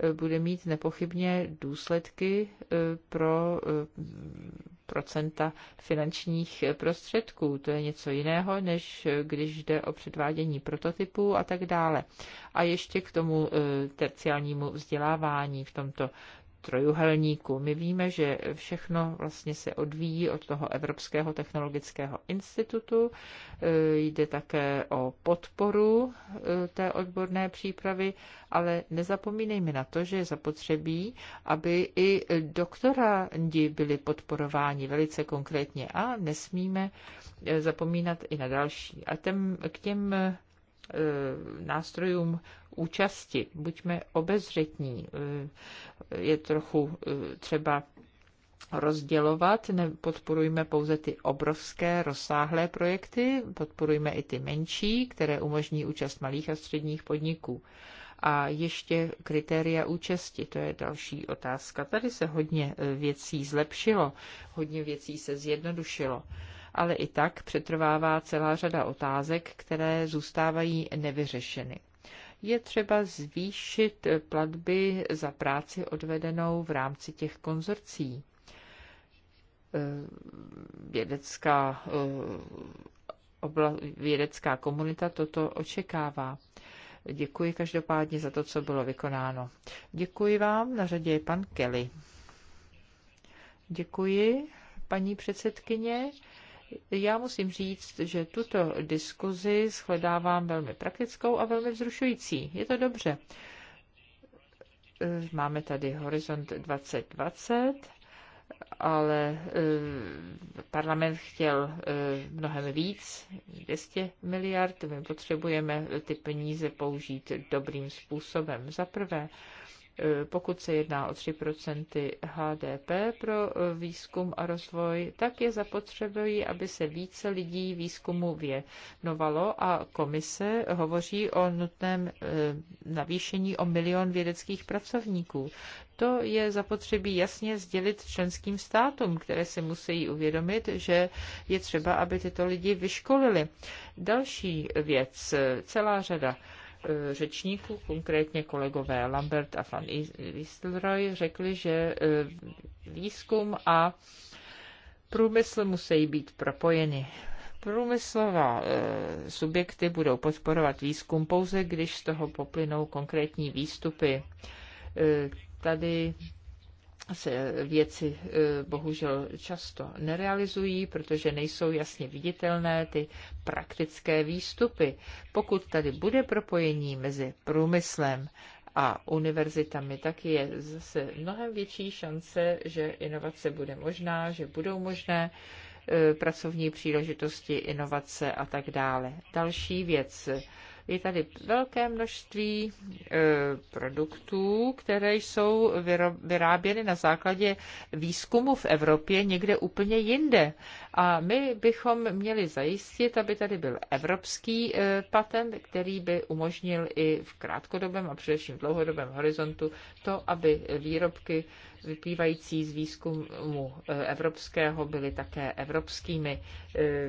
eh, bude mít nepochybně důsledky eh, pro eh, procenta finančních prostředků. To je něco jiného, než když jde o předvádění prototypů a tak dále. A ještě k tomu terciálnímu vzdělávání v tomto trojuhelníku. My víme, že všechno vlastně se odvíjí od toho Evropského technologického institutu. E, jde také o podporu e, té odborné přípravy, ale nezapomínejme na to, že je zapotřebí, aby i doktorandi byli podporováni velice konkrétně a nesmíme e, zapomínat i na další. A těm, k těm Eh, nástrojům účasti. Buďme obezřetní. Eh, je trochu eh, třeba rozdělovat, podporujme pouze ty obrovské, rozsáhlé projekty, podporujme i ty menší, které umožní účast malých a středních podniků. A ještě kritéria účasti, to je další otázka. Tady se hodně věcí zlepšilo, hodně věcí se zjednodušilo ale i tak přetrvává celá řada otázek, které zůstávají nevyřešeny. Je třeba zvýšit platby za práci odvedenou v rámci těch konzorcí. Eh, vědecká, eh, obla, vědecká komunita toto očekává. Děkuji každopádně za to, co bylo vykonáno. Děkuji vám, na řadě je pan Kelly. Děkuji, paní předsedkyně. Já musím říct, že tuto diskuzi shledávám velmi praktickou a velmi vzrušující. Je to dobře. Eh, máme tady Horizont 2020, ale eh, parlament chtěl eh, mnohem víc, 200 miliard. My potřebujeme ty peníze použít dobrým způsobem. Za prvé, Eh, pokud se jedná o 3 HDP pro eh, výzkum a rozvoj, tak je zapotřebí, aby se více lidí výzkumu věnovalo a komise hovoří o nutném eh, navýšení o milion vědeckých pracovníků. To je zapotřebí jasně sdělit členským státům, které si musí uvědomit, že je třeba, aby tyto lidi vyškolili. Další věc, celá řada Eh, řečníků, konkrétně kolegové Lambert a van Wistelroy, řekli, že eh, výzkum a průmysl musí být propojeny. Průmyslová eh, subjekty budou podporovat výzkum pouze, když z toho poplynou konkrétní výstupy. Tady se věci eh, bohužel často nerealizují, protože nejsou jasně viditelné ty praktické výstupy. Pokud tady bude propojení mezi průmyslem a univerzitami, tak je zase mnohem větší šance, že inovace bude možná, že budou možné eh, pracovní příležitosti, inovace a tak dále. Další věc, je tady velké množství e, produktů, které jsou vyráběny na základě výzkumu v Evropě někde úplně jinde. A my bychom měli zajistit, aby tady byl evropský e, patent, který by umožnil i v krátkodobém a především v dlouhodobém horizontu to, aby výrobky vyplývající z výzkumu e, evropského byly také evropskými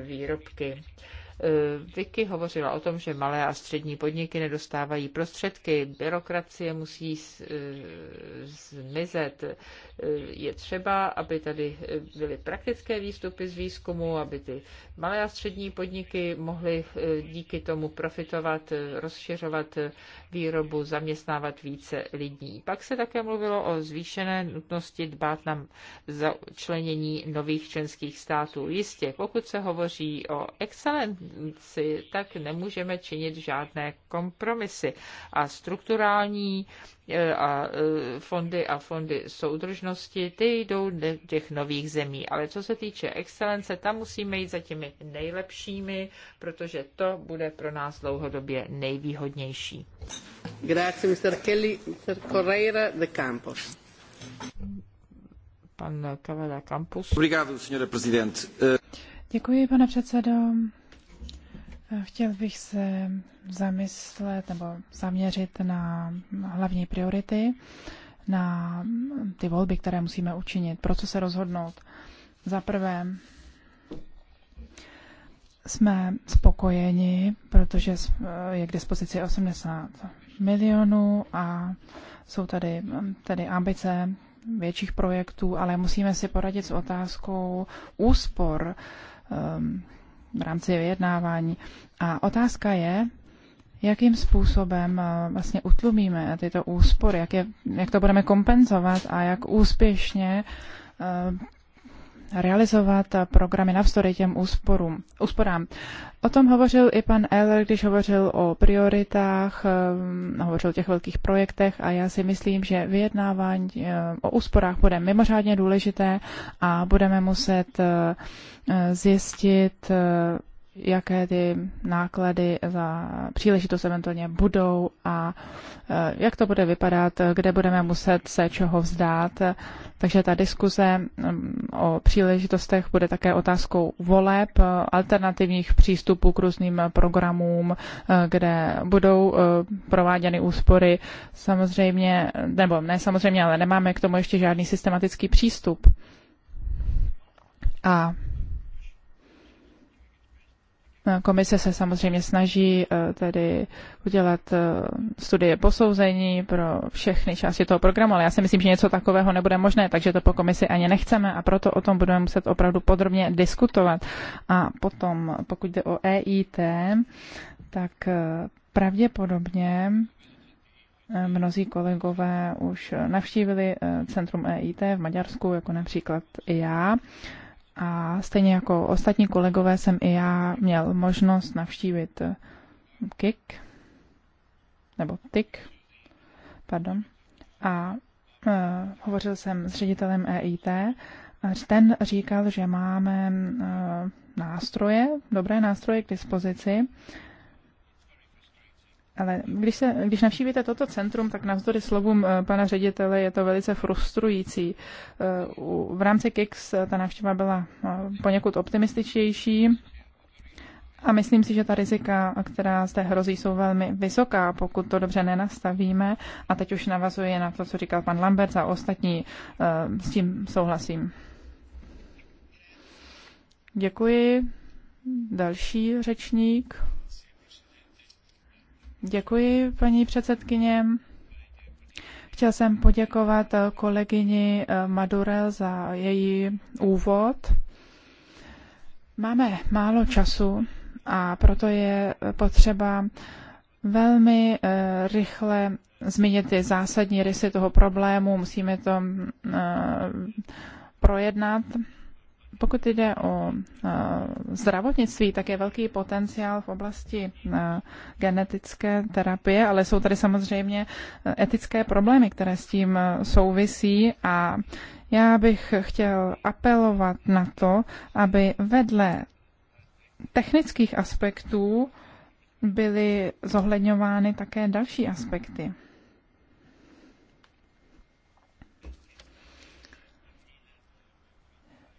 výrobky. Eh, Vicky hovořila o tom, že malé a střední podniky nedostávají prostředky, byrokracie musí eh, zmizet. Eh, Je třeba, aby tady byly praktické výstupy z výzkumu, aby ty malé a střední podniky mohly díky tomu profitovat, rozšiřovat výrobu, zaměstnávat více lidí. Pak se také mluvilo o zvýšené nutnosti dbát na začlenění nových členských států. Jistě, pokud se hovoří o excelentní si, tak nemůžeme činit žádné kompromisy. A strukturální eh, a eh, fondy a fondy soudržnosti, ty jdou do těch nových zemí. Ale co se týče excelence, tam musíme jít za těmi nejlepšími, protože to bude pro nás dlouhodobě nejvýhodnější. Grazie, Mr. Kelly, Mr. Correira de Campos. Pan Cavada Campos. Obrigado, senhora presidente. Děkuji, pane předsedo. Chtěl bych se zamyslet nebo zaměřit na hlavní priority, na ty volby, které musíme učinit, pro co se rozhodnout. Za prvé, jsme spokojeni, protože je k dispozici 80 milionů a jsou tady, tady ambice větších projektů, ale musíme si poradit s otázkou úspor um, v rámci vyjednávání. A otázka je, jakým způsobem eh, vlastně utlumíme tyto úspory, jak, je, jak to budeme kompenzovat a jak úspěšně eh, realizovat programy navzdory těm úsporům, úsporám. O tom hovořil i pan Eller, když hovořil o prioritách, ehm, hovořil o těch velkých projektech a já si myslím, že vyjednávání eh, o úsporách bude mimořádně důležité a budeme muset eh, zjistit, eh, jaké ty náklady za příležitost eventuálně budou a e, jak to bude vypadat, kde budeme muset se čeho vzdát. Takže ta diskuze o příležitostech bude také otázkou voleb, alternativních přístupů k různým programům, e, kde budou e, prováděny úspory. Samozřejmě, nebo ne samozřejmě, ale nemáme k tomu ještě žádný systematický přístup. A Komise se samozřejmě snaží eh, tedy udělat eh, studie posouzení pro všechny části toho programu, ale já si myslím, že něco takového nebude možné, takže to po komisi ani nechceme a proto o tom budeme muset opravdu podrobně diskutovat. A potom, pokud jde o EIT, tak eh, pravděpodobně mnozí kolegové už navštívili centrum EIT v Maďarsku, jako například i já a stejně jako ostatní kolegové jsem i já měl možnost navštívit eh, KIK, nebo TIK, pardon, a uh, hovořil jsem s ředitelem EIT. Ten říkal, že máme uh, nástroje, dobré nástroje k dispozici ale když, se, když navštívíte toto centrum, tak navzdory slovům eh, pana ředitele je to velice frustrující. Eh, v rámci KIX eh, ta návštěva byla poněkud optimističtější a myslím si, že ta rizika, která zde hrozí, jsou velmi vysoká, pokud to dobře nenastavíme. A teď už navazuje na to, co říkal pan Lambert a ostatní. S tím souhlasím. Děkuji. Další řečník. Děkuji, paní předsedkyně. Chtěl jsem poděkovat kolegyni eh, Madure za její úvod. Máme málo času a proto je potřeba velmi eh, rychle zmínit ty zásadní rysy toho problému. Musíme to eh, projednat pokud jde o eh, zdravotnictví, tak je velký potenciál v oblasti eh, genetické terapie, ale jsou tady samozřejmě eh, etické problémy, které s tím souvisí a já bych chtěl apelovat na to, aby vedle technických aspektů byly zohledňovány také další aspekty.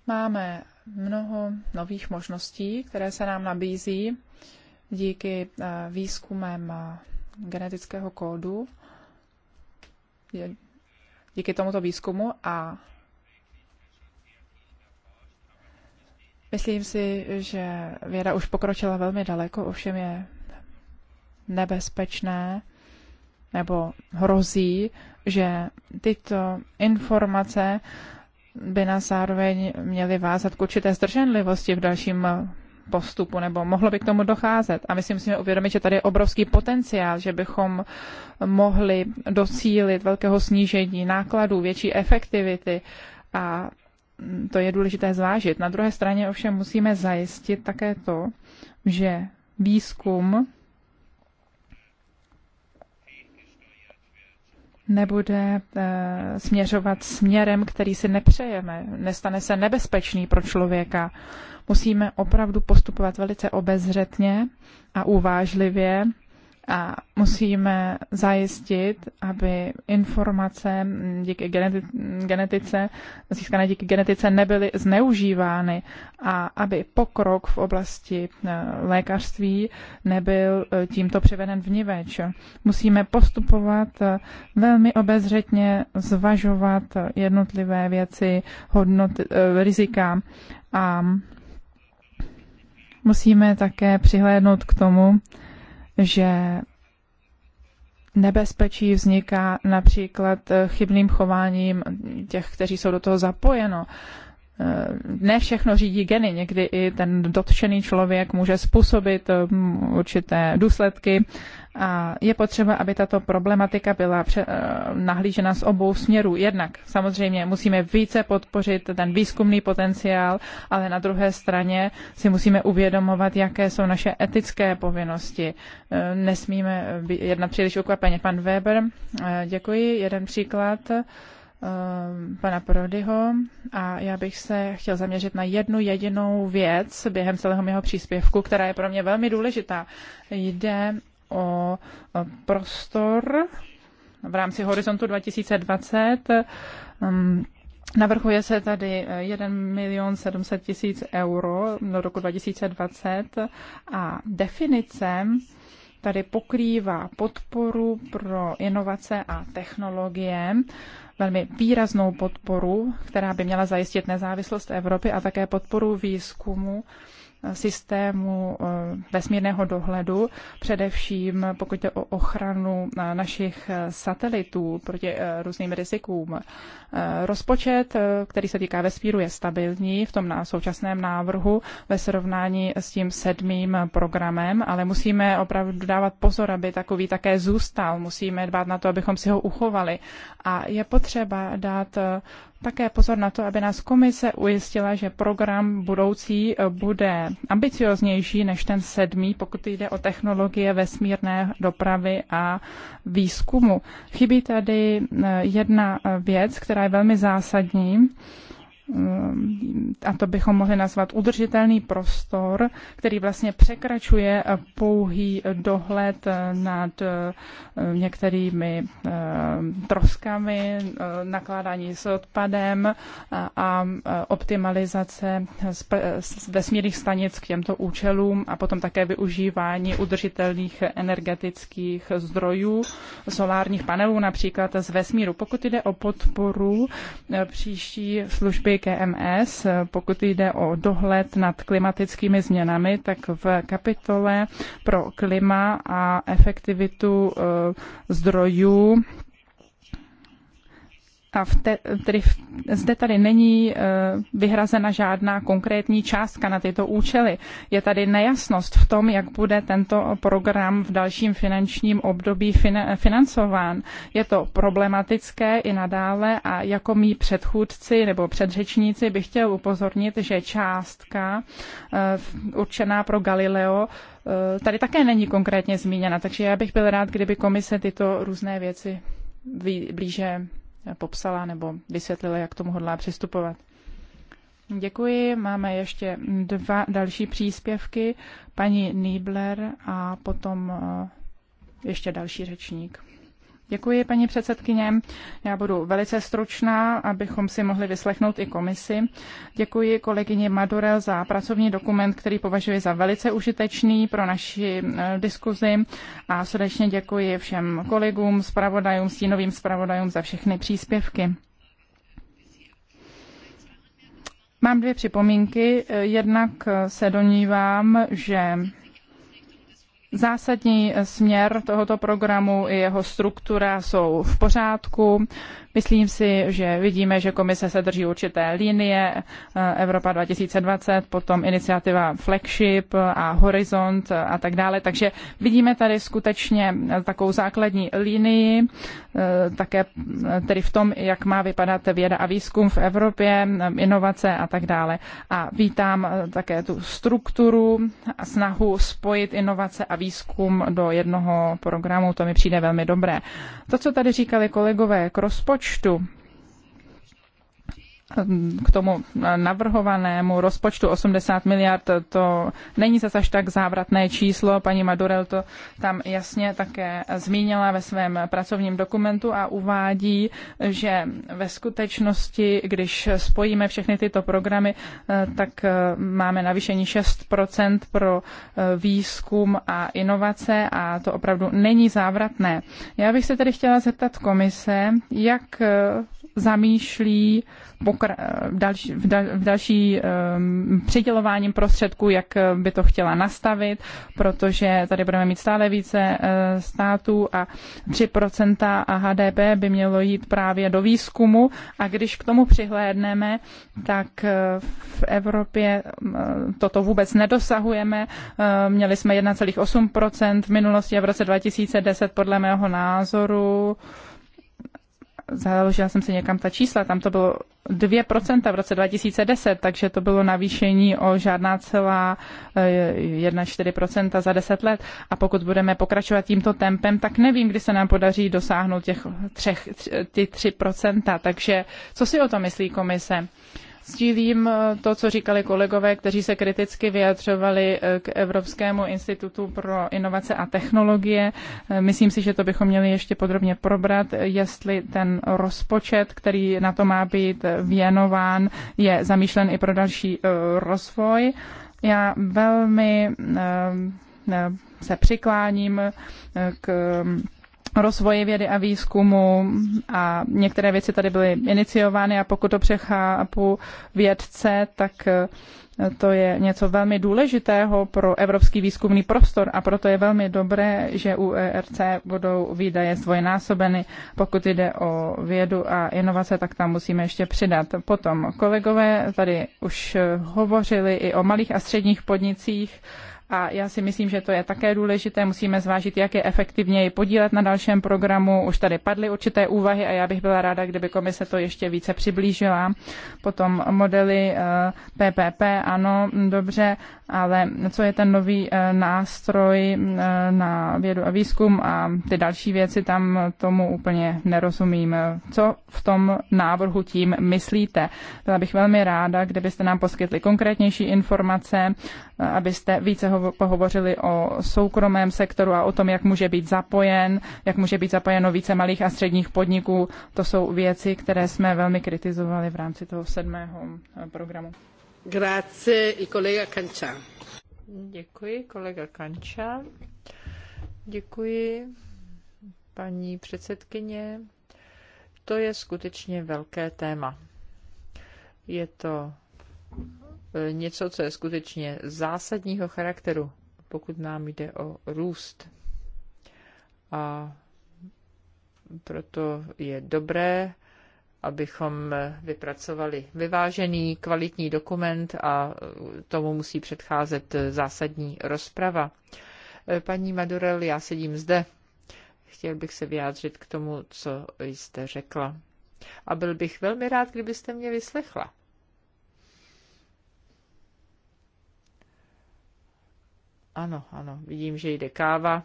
Máme mnoho nových možností, které se nám nabízí díky eh, výzkumem eh, genetického kódu, díky tomuto výzkumu a myslím si, že věda už pokročila velmi daleko, ovšem je nebezpečné nebo hrozí, že tyto informace by nás zároveň měly vázat k určité zdrženlivosti v dalším postupu, nebo mohlo by k tomu docházet. A my si musíme uvědomit, že tady je obrovský potenciál, že bychom mohli docílit velkého snížení nákladů, větší efektivity a to je důležité zvážit. Na druhé straně ovšem musíme zajistit také to, že výzkum nebude eh, směřovat směrem, který si nepřejeme, nestane se nebezpečný pro člověka. Musíme opravdu postupovat velice obezřetně a uvážlivě a musíme zajistit, aby informace díky genetice, získané díky genetice nebyly zneužívány a aby pokrok v oblasti eh, lékařství nebyl eh, tímto přiveden v vniveč. Musíme postupovat eh, velmi obezřetně, zvažovat jednotlivé věci, hodnot, rizika a musíme také přihlédnout k tomu, že nebezpečí vzniká například chybným chováním těch, kteří jsou do toho zapojeno, Eh, ne všechno řídí geny, někdy i ten dotčený člověk může způsobit eh, určité důsledky a je potřeba, aby tato problematika byla eh, nahlížena z obou směrů. Jednak samozřejmě musíme více podpořit ten výzkumný potenciál, ale na druhé straně si musíme uvědomovat, jaké jsou naše etické povinnosti. Nesmíme jednat příliš ukvapeně. Pan Weber, děkuji. Jeden příklad Eh, pana Prodyho a já bych se chtěl zaměřit na jednu jedinou věc během celého mého příspěvku, která je pro mě velmi důležitá. Jde o prostor v rámci Horizontu 2020. Ehm, navrhuje se tady 1 eh, milion 700 tisíc euro do roku 2020 a definice tady pokrývá podporu pro inovace a technologie velmi výraznou podporu, která by měla zajistit nezávislost Evropy a také podporu výzkumu systému eh, vesmírného dohledu, především pokud jde o ochranu eh, našich eh, satelitů proti různým rizikům. Rozpočet, který se týká vesmíru, je stabilní v tom na současném návrhu ve srovnání s tím sedmým programem, ale musíme opravdu dávat pozor, aby takový také zůstal. Musíme dbát na to, abychom si ho uchovali. A je potřeba dát také pozor na to, aby nás komise ujistila, že program budoucí eh, bude ambicioznější než ten sedmý, pokud jde o technologie vesmírné dopravy a výzkumu. Chybí tady eh, jedna eh, věc, která je velmi zásadní a to bychom mohli nazvat udržitelný prostor, který vlastně překračuje pouhý dohled nad eh, některými eh, troskami, eh, nakládání s odpadem a optimalizace vesmírných stanic k těmto účelům a potom také využívání udržitelných energetických zdrojů, solárních panelů například z vesmíru. Pokud jde o podporu příští služby agentury KMS, pokud jde o dohled nad klimatickými změnami, tak v kapitole pro klima a efektivitu eh, zdrojů a v te, tedy v, zde tady není eh, vyhrazena žádná konkrétní částka na tyto účely. Je tady nejasnost v tom, jak bude tento program v dalším finančním období financován. Je to problematické i nadále a jako mý předchůdci nebo předřečníci bych chtěl upozornit, že částka eh, určená pro Galileo eh, tady také není konkrétně zmíněna, takže já bych byl rád, kdyby komise tyto různé věci blíže popsala nebo vysvětlila, jak tomu hodlá přistupovat. Děkuji. Máme ještě dva další příspěvky. Paní Niebler a potom eh, ještě další řečník. Děkuji, paní předsedkyně. Já budu velice stručná, abychom si mohli vyslechnout i komisi. Děkuji kolegyni Madurel za pracovní dokument, který považuji za velice užitečný pro naši eh, diskuzi a srdečně děkuji všem kolegům, zpravodajům, stínovým zpravodajům za všechny příspěvky. Mám dvě připomínky. Eh, jednak eh, se domnívám, že Zásadní směr tohoto programu i jeho struktura jsou v pořádku. Myslím si, že vidíme, že komise se drží určité linie eh, Evropa 2020, potom iniciativa Flagship a Horizont a tak dále. Takže vidíme tady skutečně takovou základní linii, eh, také eh, tedy v tom, jak má vypadat věda a výzkum v Evropě, inovace a tak dále. A vítám také tu strukturu a snahu spojit inovace a výzkum do jednoho programu. To mi přijde velmi dobré. To, co tady říkali kolegové k rozpočtu, rozpočtu k tomu navrhovanému rozpočtu 80 miliard, to není zase až tak závratné číslo. Paní Madurel to tam jasně také zmínila ve svém pracovním dokumentu a uvádí, že ve skutečnosti, když spojíme všechny tyto programy, eh, tak eh, máme navýšení 6% pro eh, výzkum a inovace a to opravdu není závratné. Já bych se tedy chtěla zeptat komise, jak zamýšlí v další, v dal, v další um, přidělováním prostředků, jak by to chtěla nastavit, protože tady budeme mít stále více uh, států a 3% HDP by mělo jít právě do výzkumu a když k tomu přihlédneme, tak eh, v Evropě eh, toto vůbec nedosahujeme. měli jsme 1,8% v minulosti a v roce 2010 podle mého názoru založila jsem si někam ta čísla, tam to bylo 2% v roce 2010, takže to bylo navýšení o žádná celá 1,4% eh, za 10 let. A pokud budeme pokračovat tímto tempem, tak nevím, kdy se nám podaří dosáhnout těch tři ty 3%. Takže co si o to myslí komise? Sdílím eh, to, co říkali kolegové, kteří se kriticky vyjadřovali eh, k Evropskému institutu pro inovace a technologie. Eh, myslím si, že to bychom měli ještě podrobně probrat, jestli ten rozpočet, který na to má být věnován, je zamýšlen i pro další rozvoj. Já velmi se přikláním k rozvoji vědy a výzkumu a některé věci tady byly iniciovány a pokud to přechápu vědce, tak eh, to je něco velmi důležitého pro evropský výzkumný prostor a proto je velmi dobré, že u ERC budou výdaje zdvojnásobeny. Pokud jde o vědu a inovace, tak tam musíme ještě přidat. Potom kolegové tady už eh, hovořili i o malých a středních podnicích a já si myslím, že to je také důležité. Musíme zvážit, jak je efektivněji podílet na dalším programu. Už tady padly určité úvahy a já bych byla ráda, kdyby komise to ještě více přiblížila. Potom modely PPP, eh, ano, dobře, ale co je ten nový eh, nástroj eh, na vědu a výzkum a ty další věci, tam tomu úplně nerozumím. Co v tom návrhu tím myslíte? Byla bych velmi ráda, kdybyste nám poskytli konkrétnější informace abyste více pohovořili o soukromém sektoru a o tom, jak může být zapojen, jak může být zapojeno více malých a středních podniků. To jsou věci, které jsme velmi kritizovali v rámci toho sedmého eh, programu. Grazie, i kolega Kanča. Děkuji, kolega Kanča. Děkuji, paní předsedkyně. To je skutečně velké téma. Je to E, něco, co je skutečně zásadního charakteru, pokud nám jde o růst. A proto je dobré, abychom vypracovali vyvážený, kvalitní dokument a tomu musí předcházet zásadní rozprava. E, paní Madurel, já sedím zde. Chtěl bych se vyjádřit k tomu, co jste řekla. A byl bych velmi rád, kdybyste mě vyslechla. Ano, ano, vidím, že jde káva.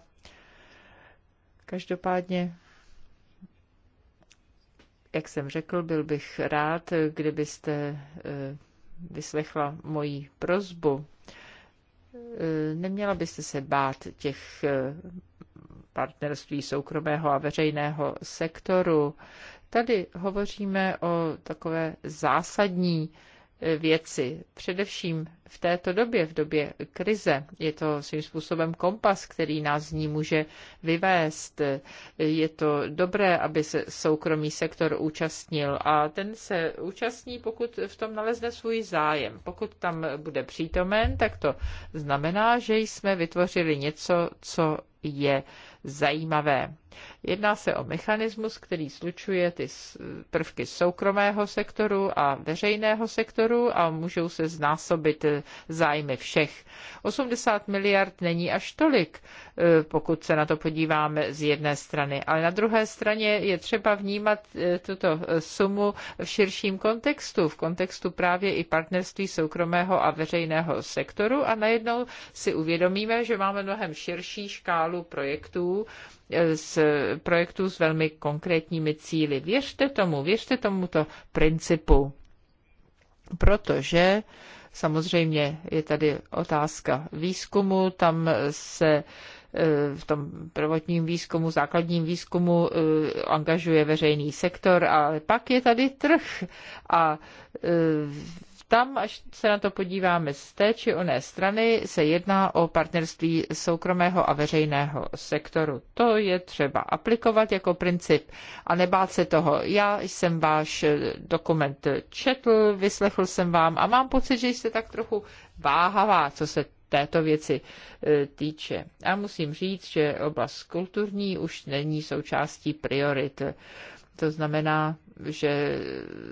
Každopádně, jak jsem řekl, byl bych rád, kdybyste eh, vyslechla moji prozbu. Eh, neměla byste se bát těch eh, partnerství soukromého a veřejného sektoru. Tady hovoříme o takové zásadní věci, především v této době, v době krize. Je to svým způsobem kompas, který nás z ní může vyvést. Je to dobré, aby se soukromý sektor účastnil a ten se účastní, pokud v tom nalezne svůj zájem. Pokud tam bude přítomen, tak to znamená, že jsme vytvořili něco, co je zajímavé. Jedná se o mechanismus, který slučuje ty prvky soukromého sektoru a veřejného sektoru a můžou se znásobit zájmy všech. 80 miliard není až tolik, eh, pokud se na to podíváme z jedné strany. Ale na druhé straně je třeba vnímat eh, tuto eh, sumu v širším kontextu, v kontextu právě i partnerství soukromého a veřejného sektoru a najednou si uvědomíme, že máme mnohem širší škálu projektů, z projektů s velmi konkrétními cíly. Věřte tomu, věřte tomuto principu, protože Samozřejmě je tady otázka výzkumu, tam se e, v tom prvotním výzkumu, základním výzkumu e, angažuje veřejný sektor, ale pak je tady trh a e, tam, až se na to podíváme z té či oné strany, se jedná o partnerství soukromého a veřejného sektoru. To je třeba aplikovat jako princip a nebát se toho. Já jsem váš dokument četl, vyslechl jsem vám a mám pocit, že jste tak trochu váhavá, co se této věci e, týče. A musím říct, že oblast kulturní už není součástí priorit. To znamená, že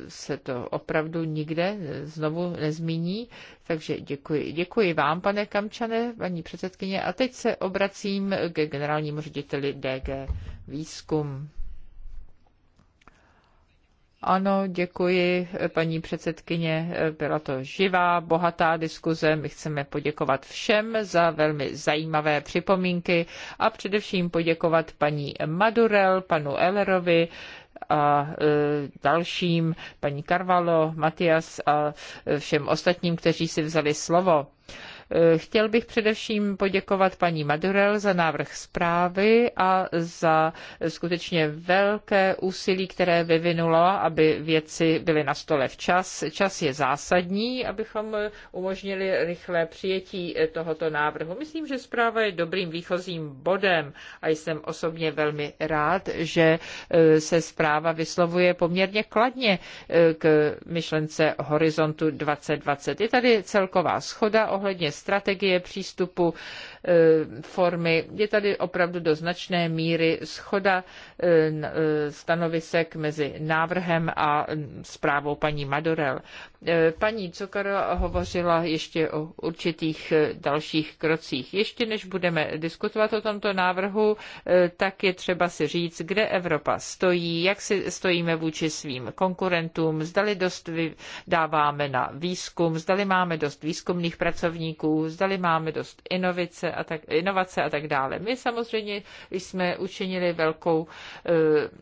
se to opravdu nikde znovu nezmíní. Takže děkuji. Děkuji vám, pane Kamčane, paní předsedkyně. A teď se obracím ke generálnímu řediteli DG Výzkum. Ano, děkuji, paní předsedkyně. Byla to živá, bohatá diskuze. My chceme poděkovat všem za velmi zajímavé připomínky a především poděkovat paní Madurel, panu Ellerovi, a e, dalším, paní Karvalo, Matias a všem ostatním, kteří si vzali slovo. Eh, chtěl bych především poděkovat paní Madurel za návrh zprávy a za skutečně velké úsilí, které vyvinula, aby věci byly na stole včas. Čas je zásadní, abychom umožnili rychlé přijetí eh, tohoto návrhu. Myslím, že zpráva je dobrým výchozím bodem a jsem osobně velmi rád, že eh, se zpráva vyslovuje poměrně kladně k myšlence Horizontu 2020. Je tady celková schoda ohledně strategie přístupu, e, formy. Je tady opravdu do značné míry schoda e, e, stanovisek mezi návrhem a zprávou paní Madorel. Paní Cukor hovořila ještě o určitých dalších krocích. Ještě než budeme diskutovat o tomto návrhu, tak je třeba si říct, kde Evropa stojí, jak si stojíme vůči svým konkurentům, zdali dost dáváme na výzkum, zdali máme dost výzkumných pracovníků, podniků, zdali máme dost inovice a tak, inovace a tak dále. My samozřejmě jsme učinili velkou e,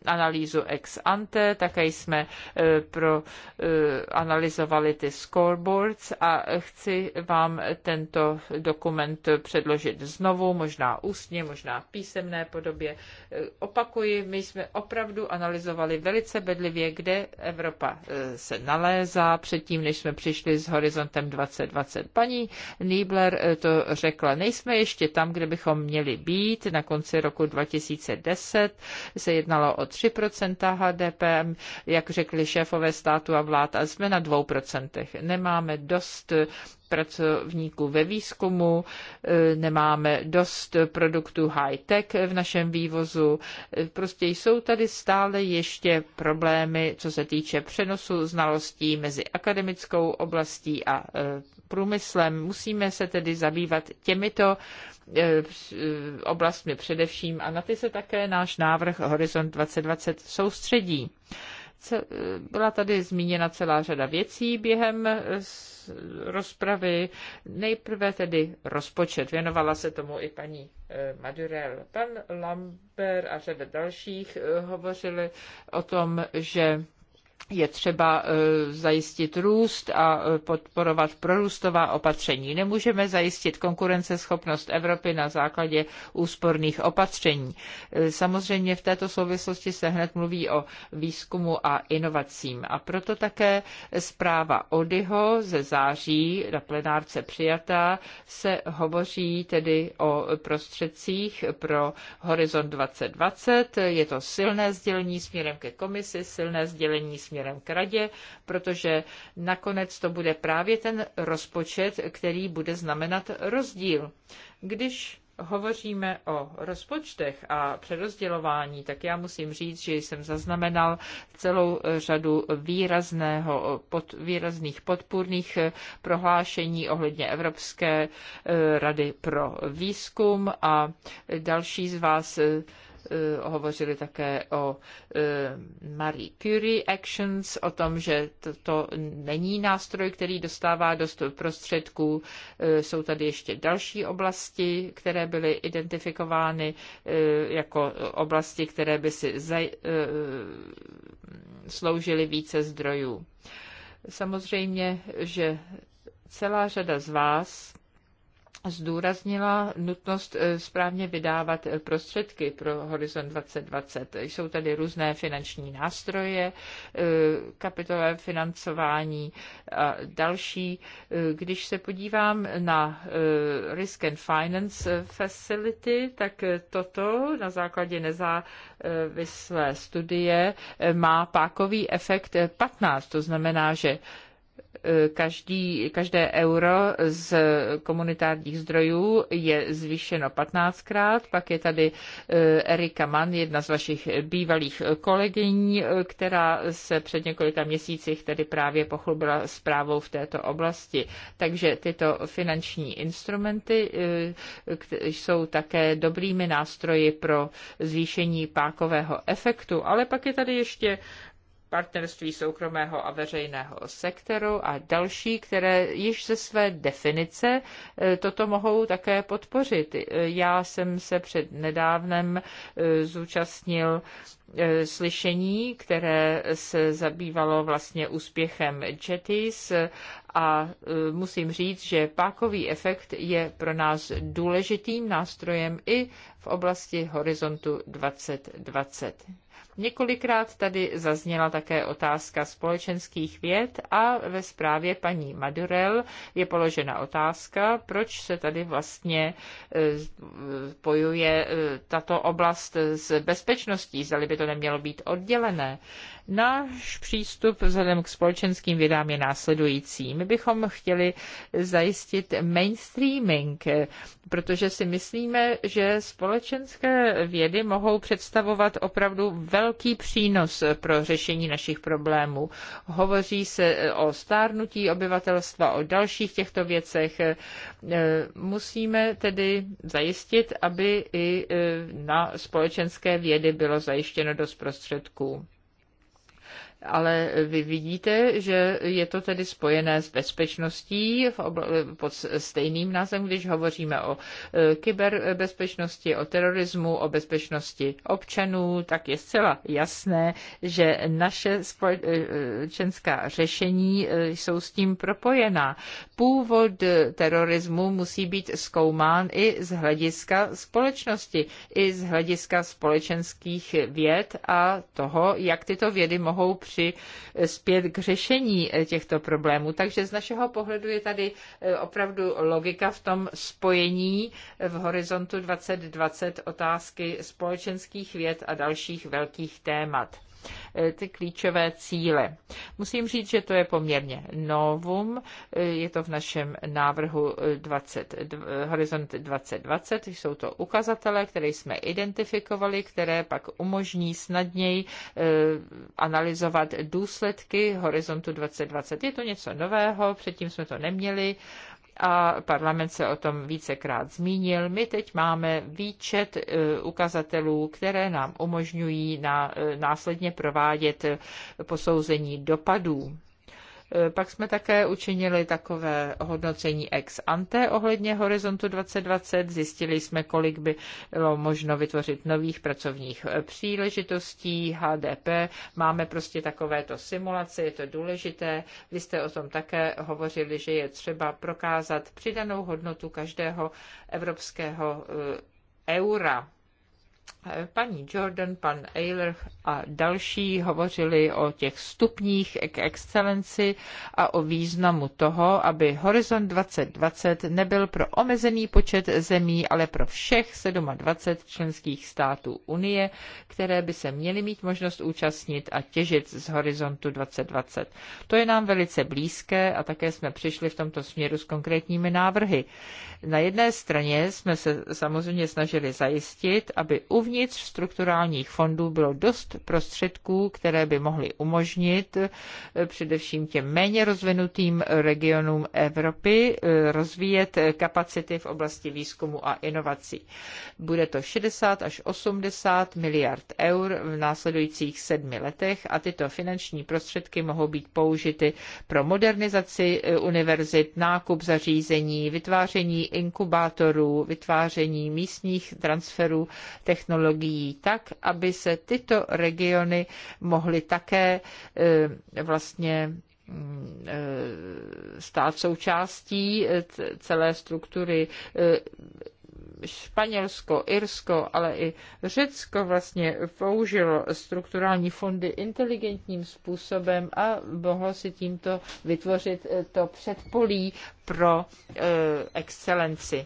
analýzu ex ante, také jsme e, pro, e, analyzovali ty scoreboards a chci vám tento dokument předložit znovu, možná ústně, možná v písemné podobě. E, opakuji, my jsme opravdu analyzovali velice bedlivě, kde Evropa e, se nalézá předtím, než jsme přišli s horizontem 2020. Paní Niebler eh, to řekla. Nejsme ještě tam, kde bychom měli být. Na konci roku 2010 se jednalo o 3% HDP, jak řekli šéfové státu a vlád, a jsme na 2%. Nemáme dost eh, pracovníků ve výzkumu, eh, nemáme dost produktů high-tech v našem vývozu. Prostě jsou tady stále ještě problémy, co se týče přenosu znalostí mezi akademickou oblastí a průmyslem. Musíme se tedy zabývat těmito eh, eh, oblastmi především a na ty se také náš návrh Horizont 2020 soustředí. Eh, byla tady zmíněna celá řada věcí během rozpravy. Nejprve tedy rozpočet. Věnovala se tomu i paní Madurel. Pan Lambert a řada dalších hovořili o tom, že je třeba e, zajistit růst a e, podporovat prorůstová opatření. Nemůžeme zajistit konkurenceschopnost Evropy na základě úsporných opatření. E, samozřejmě v této souvislosti se hned mluví o výzkumu a inovacím. A proto také zpráva Odyho ze září na plenárce přijatá se hovoří tedy o prostředcích pro Horizont 2020. Je to silné sdělení směrem ke komisi, silné sdělení směrem k radě, protože nakonec to bude právě ten rozpočet, který bude znamenat rozdíl. Když hovoříme o rozpočtech a přerozdělování, tak já musím říct, že jsem zaznamenal celou řadu výrazného, pod, výrazných podpůrných prohlášení ohledně Evropské eh, rady pro výzkum a další z vás eh, Eh, hovořili také o eh, Marie Curie Actions, o tom, že to, to není nástroj, který dostává dost prostředků. Eh, jsou tady ještě další oblasti, které byly identifikovány jako oblasti, které by si sloužily více zdrojů. Samozřejmě, že celá řada z vás zdůraznila nutnost eh, správně vydávat eh, prostředky pro Horizon 2020. Jsou tady různé finanční nástroje, eh, kapitové financování a další. Když se podívám na Risk and Finance Facility, tak toto na základě nezávislé studie má pákový efekt 15. To znamená, že každý, každé euro z komunitárních zdrojů je zvýšeno 15krát. Pak je tady eh, Erika Mann, jedna z vašich bývalých kolegyň, která se před několika měsíci tedy právě pochlubila zprávou v této oblasti. Takže tyto finanční instrumenty eh, jsou také dobrými nástroji pro zvýšení pákového efektu. Ale pak je tady ještě partnerství soukromého a veřejného sektoru a další, které již ze své definice e, toto mohou také podpořit. E, já jsem se před nedávnem e, zúčastnil slyšení, které se zabývalo vlastně úspěchem Jetis a musím říct, že pákový efekt je pro nás důležitým nástrojem i v oblasti horizontu 2020. Několikrát tady zazněla také otázka společenských věd a ve zprávě paní Madurel je položena otázka, proč se tady vlastně e, spojuje e, tato oblast s bezpečností, zda by to nemělo být oddělené. Náš přístup vzhledem k společenským vědám je následující. My bychom chtěli zajistit mainstreaming, e, protože si myslíme, že společenské vědy mohou představovat opravdu velmi velký přínos pro řešení našich problémů. Hovoří se eh, o stárnutí obyvatelstva, o dalších těchto věcech. Eh, musíme tedy zajistit, aby i eh, na společenské vědy bylo zajištěno dost prostředků ale vy vidíte, že je to tedy spojené s bezpečností pod stejným názvem, když hovoříme o e, kyberbezpečnosti, o terorismu, o bezpečnosti občanů, tak je zcela jasné, že naše společenská řešení e, jsou s tím propojená. Původ terorismu musí být zkoumán i z hlediska společnosti, i z hlediska společenských věd a toho, jak tyto vědy mohou při zpět k řešení eh, těchto problémů. Takže z našeho pohledu je tady eh, opravdu logika v tom spojení eh, v horizontu 2020 otázky společenských věd a dalších velkých témat. Eh, ty klíčové cíle. Musím říct, že to je poměrně novum. Eh, je to v našem návrhu 20, eh, Horizont 2020. Jsou to ukazatele, které jsme identifikovali, které pak umožní snadněji analyzovat důsledky Horizontu 2020. Je to něco nového, předtím jsme to neměli a parlament se o tom vícekrát zmínil. My teď máme výčet e, ukazatelů, které nám umožňují na, e, následně provádět posouzení dopadů Eh, pak jsme také učinili takové hodnocení ex ante ohledně horizontu 2020. Zjistili jsme, kolik by bylo možno vytvořit nových pracovních eh, příležitostí, HDP. Máme prostě takovéto simulace, je to důležité. Vy jste o tom také hovořili, že je třeba prokázat přidanou hodnotu každého evropského eh, eura Paní Jordan, pan Eiler a další hovořili o těch stupních k excelenci a o významu toho, aby Horizont 2020 nebyl pro omezený počet zemí, ale pro všech 27 členských států Unie, které by se měly mít možnost účastnit a těžit z Horizontu 2020. To je nám velice blízké a také jsme přišli v tomto směru s konkrétními návrhy. Na jedné straně jsme se samozřejmě snažili zajistit, aby uvnitř uvnitř strukturálních fondů bylo dost prostředků, které by mohly umožnit eh, především těm méně rozvinutým regionům Evropy eh, rozvíjet eh, kapacity v oblasti výzkumu a inovací. Bude to 60 až 80 miliard eur v následujících sedmi letech a tyto finanční prostředky mohou být použity pro modernizaci univerzit, nákup zařízení, vytváření inkubátorů, vytváření místních transferů technologií, technologií tak, aby se tyto regiony mohly také eh, vlastně eh, stát součástí eh, celé struktury Španělsko, Irsko, ale i Řecko vlastně použilo strukturální fondy inteligentním způsobem a mohlo si tímto vytvořit to předpolí pro excelenci.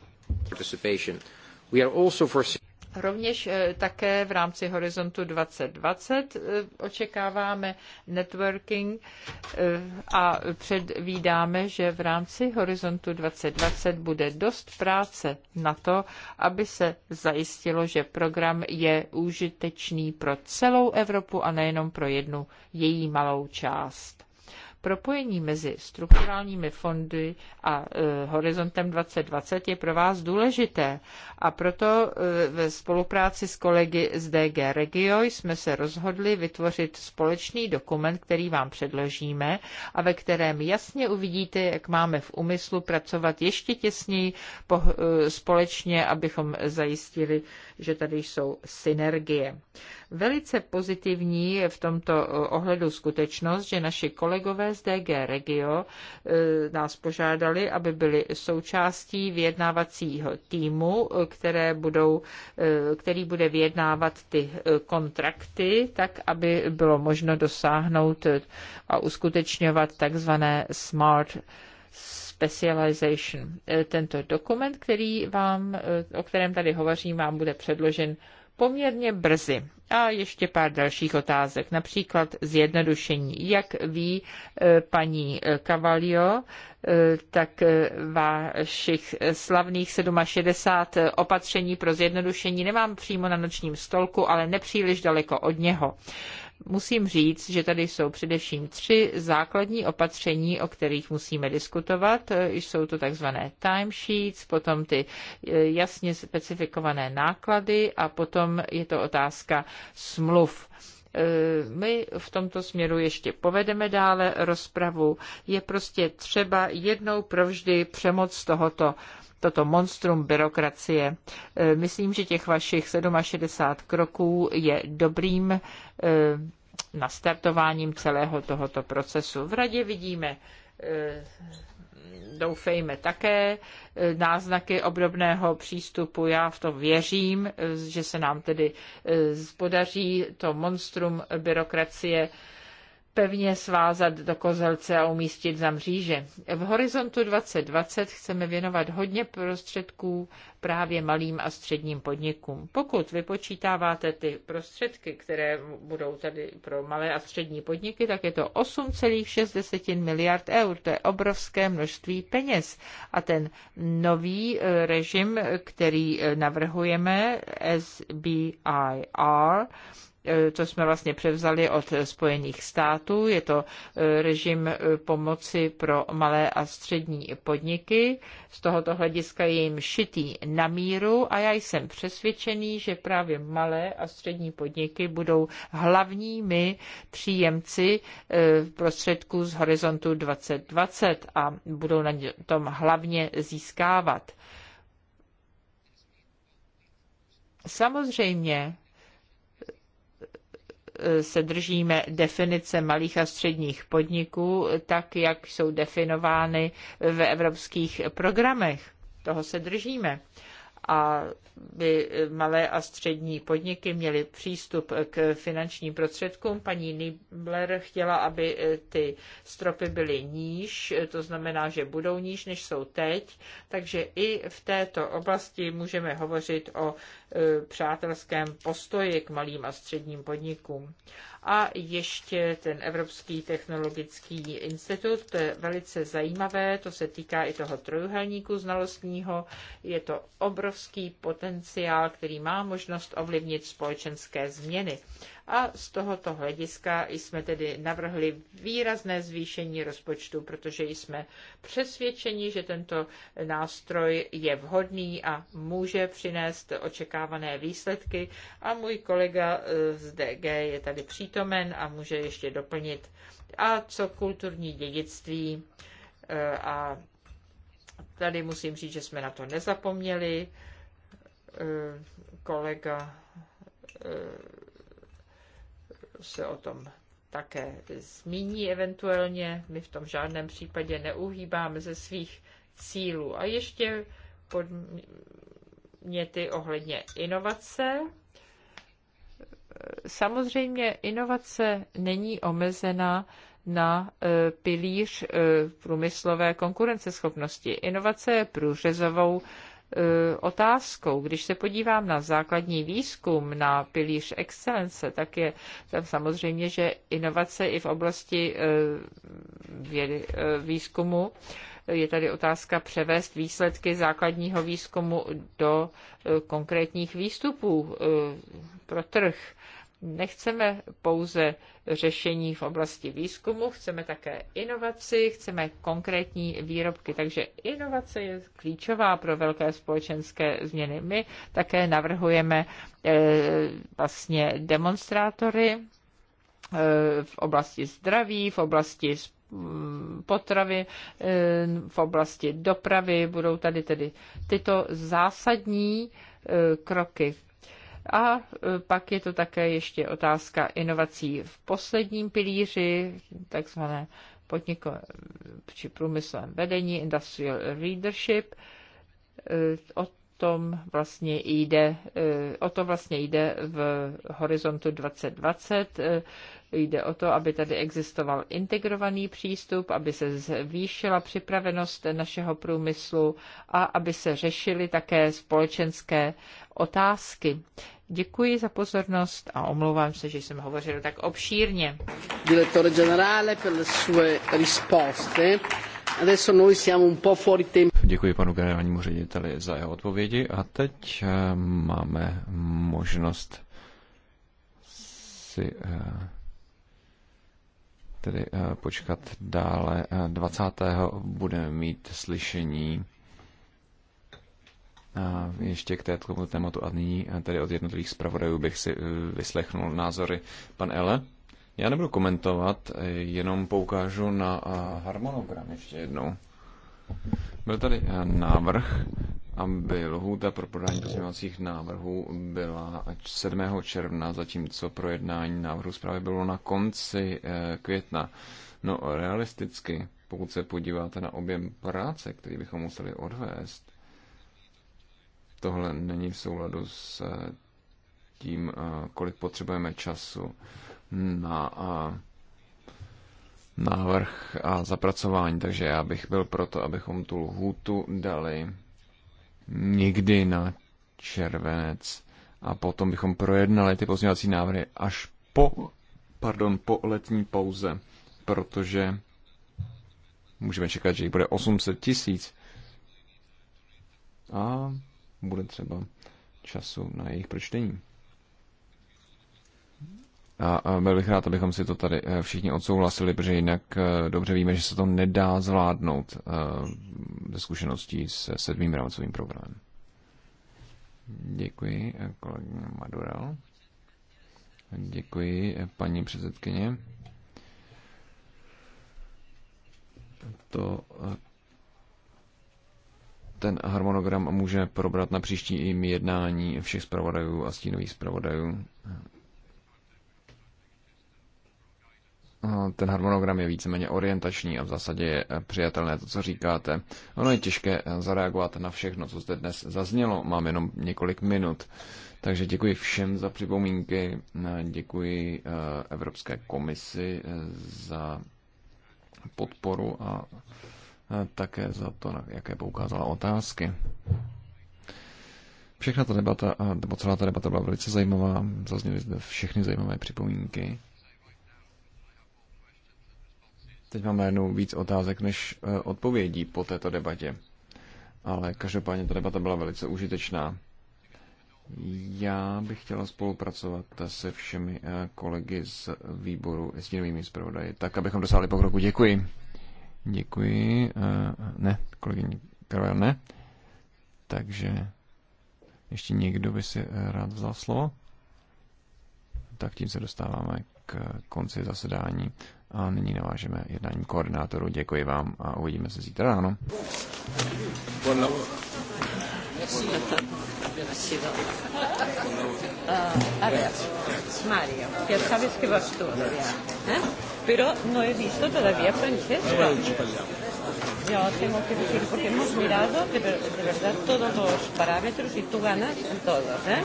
Rovněž eh, také v rámci Horizontu 2020 eh, očekáváme networking eh, a předvídáme, že v rámci Horizontu 2020 bude dost práce na to, aby se zajistilo, že program je užitečný pro celou Evropu a nejenom pro jednu její malou část. Propojení mezi strukturálními fondy a e, Horizontem 2020 je pro vás důležité a proto e, ve spolupráci s kolegy z DG Regio jsme se rozhodli vytvořit společný dokument, který vám předložíme a ve kterém jasně uvidíte, jak máme v úmyslu pracovat ještě těsněji e, společně, abychom zajistili, že tady jsou synergie. Velice pozitivní je v tomto eh, ohledu skutečnost, že naši kolegové z DG Regio eh, nás požádali, aby byli součástí vyjednávacího týmu, eh, které budou, který bude vyjednávat ty kontrakty, tak aby bylo možno dosáhnout a uskutečňovat takzvané smart specialization. Tento dokument, který vám, o kterém tady hovořím, vám bude předložen poměrně brzy. A ještě pár dalších otázek, například zjednodušení. Jak ví e, paní Cavalio, e, tak e, vašich slavných 67 opatření pro zjednodušení nemám přímo na nočním stolku, ale nepříliš daleko od něho musím říct, že tady jsou především tři základní opatření, o kterých musíme diskutovat. Jsou to takzvané timesheets, potom ty eh, jasně specifikované náklady a potom je to otázka smluv. E, my v tomto směru ještě povedeme dále rozpravu. Je prostě třeba jednou provždy přemoc tohoto toto monstrum byrokracie. E, myslím, že těch vašich 67 kroků je dobrým e, nastartováním celého tohoto procesu. V radě vidíme doufejme také e, náznaky obdobného přístupu. Já v to věřím, e, že se nám tedy e, podaří to monstrum byrokracie pevně svázat do kozelce a umístit za mříže. V horizontu 2020 chceme věnovat hodně prostředků právě malým a středním podnikům. Pokud vypočítáváte ty prostředky, které budou tady pro malé a střední podniky, tak je to 8,6 miliard eur. To je obrovské množství peněz. A ten nový eh, režim, který eh, navrhujeme, SBIR, E, co jsme vlastně převzali od Spojených států. Je to e, režim e, pomoci pro malé a střední podniky. Z tohoto hlediska je jim šitý na míru a já jsem přesvědčený, že právě malé a střední podniky budou hlavními příjemci prostředků z horizontu 2020 a budou na tom hlavně získávat. Samozřejmě, se držíme definice malých a středních podniků, tak jak jsou definovány v evropských programech. Toho se držíme aby malé a střední podniky měly přístup k finančním prostředkům. Paní Nibler chtěla, aby ty stropy byly níž, to znamená, že budou níž, než jsou teď, takže i v této oblasti můžeme hovořit o e, přátelském postoji k malým a středním podnikům a ještě ten Evropský technologický institut, to je velice zajímavé, to se týká i toho trojuhelníku znalostního, je to obrovský potenciál, který má možnost ovlivnit společenské změny. A z tohoto hlediska jsme tedy navrhli výrazné zvýšení rozpočtu, protože jsme přesvědčeni, že tento nástroj je vhodný a může přinést očekávané výsledky. A můj kolega eh, z DG je tady přítomen a může ještě doplnit. A co kulturní dědictví eh, a tady musím říct, že jsme na to nezapomněli. Eh, kolega se o tom také zmíní eventuálně. My v tom žádném případě neuhýbáme ze svých cílů. A ještě podněty ohledně inovace. Samozřejmě inovace není omezena na e, pilíř e, průmyslové konkurenceschopnosti. Inovace je průřezovou Eh, otázkou. Když se podívám na základní výzkum, na pilíř excelence, tak je tam samozřejmě, že inovace i v oblasti eh, vědy, eh, výzkumu je tady otázka převést výsledky základního výzkumu do konkrétních výstupů pro trh. Nechceme pouze řešení v oblasti výzkumu, chceme také inovaci, chceme konkrétní výrobky. Takže inovace je klíčová pro velké společenské změny. My také navrhujeme eh, vlastně demonstrátory eh, v oblasti zdraví, v oblasti mm, potravy, eh, v oblasti dopravy. Budou tady tedy tyto zásadní kroky a e, pak je to také ještě otázka inovací v posledním pilíři, takzvané podniku či průmyslovém vedení, industrial leadership. E, o tom vlastně jde, e, o to vlastně jde v horizontu 2020. Jde o to, aby tady existoval integrovaný přístup, aby se zvýšila připravenost našeho průmyslu a aby se řešily také společenské otázky. Děkuji za pozornost a omlouvám se, že jsem hovořil tak obšírně. Direttore generale per le sue risposte. Adesso noi siamo un po' fuori tempo. Děkuji panu generálnímu řediteli za jeho odpovědi a teď eh, máme možnost si eh, tedy eh, počkat dále. 20. Eh, budeme mít slyšení eh, ještě k této tématu a nyní tady od jednotlivých zpravodajů bych si vyslechnul názory. Pan Ele? Já nebudu komentovat, jenom poukážu na harmonogram ještě jednou. Byl tady návrh aby lhůta pro podání pozměňovacích návrhů byla 7. června, zatímco projednání návrhu zprávy bylo na konci eh, května. No realisticky, pokud se podíváte na objem práce, který bychom museli odvést, tohle není v souladu s eh, tím, eh, kolik potřebujeme času na návrh a zapracování, takže já bych byl proto, abychom tu lhůtu dali nikdy na červenec a potom bychom projednali ty pozměňovací návrhy až po, pardon, po letní pauze, protože můžeme čekat, že jich bude 800 tisíc a bude třeba času na jejich pročtení. A byl bych rád, abychom si to tady eh, všichni odsouhlasili, protože jinak eh, dobře víme, že se to nedá zvládnout eh, ze zkušeností s sedmým rámcovým programem. Děkuji, kolegyně Madurel. Děkuji, paní předsedkyně. To, ten harmonogram můžeme probrat na příští jednání všech zpravodajů a stínových zpravodajů. Eh, ten harmonogram je víceméně orientační a v zásadě je eh, přijatelné to, co říkáte. Ono je těžké eh, zareagovat na všechno, co zde dnes zaznělo. Mám jenom několik minut. Takže děkuji všem za připomínky, děkuji Evropské komisi za podporu a také za to, na jaké poukázala otázky. Všechna ta debata, nebo celá ta debata byla velice zajímavá, zazněly zde všechny zajímavé připomínky. Teď máme jednou víc otázek než eh, odpovědí po této debatě. Ale každopádně ta debata byla velice užitečná. Já bych chtěla spolupracovat se všemi eh, kolegy z výboru s stínovými zpravodaji, tak abychom dosáhli pokroku. Děkuji. Děkuji. Eh, ne, kolegyně Karel, ne. Takže ještě někdo by si rád vzal slovo? Tak tím se dostáváme k konci zasedání. A nyní navážeme jednání koordinátoru. Děkuji vám a uvidíme se zítra ráno. Uh, a ver, Mario, ya sabes que vas tú, ¿eh? pero no he visto todavía no, a Yo tengo que decir, porque hemos mirado de, ver, de verdad todos los parámetros y tú ganas en todos. ¿eh?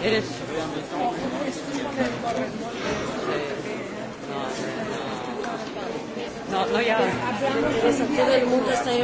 Eres. Sí. No, no, no. No, no ya. Hablamos de todo el mundo está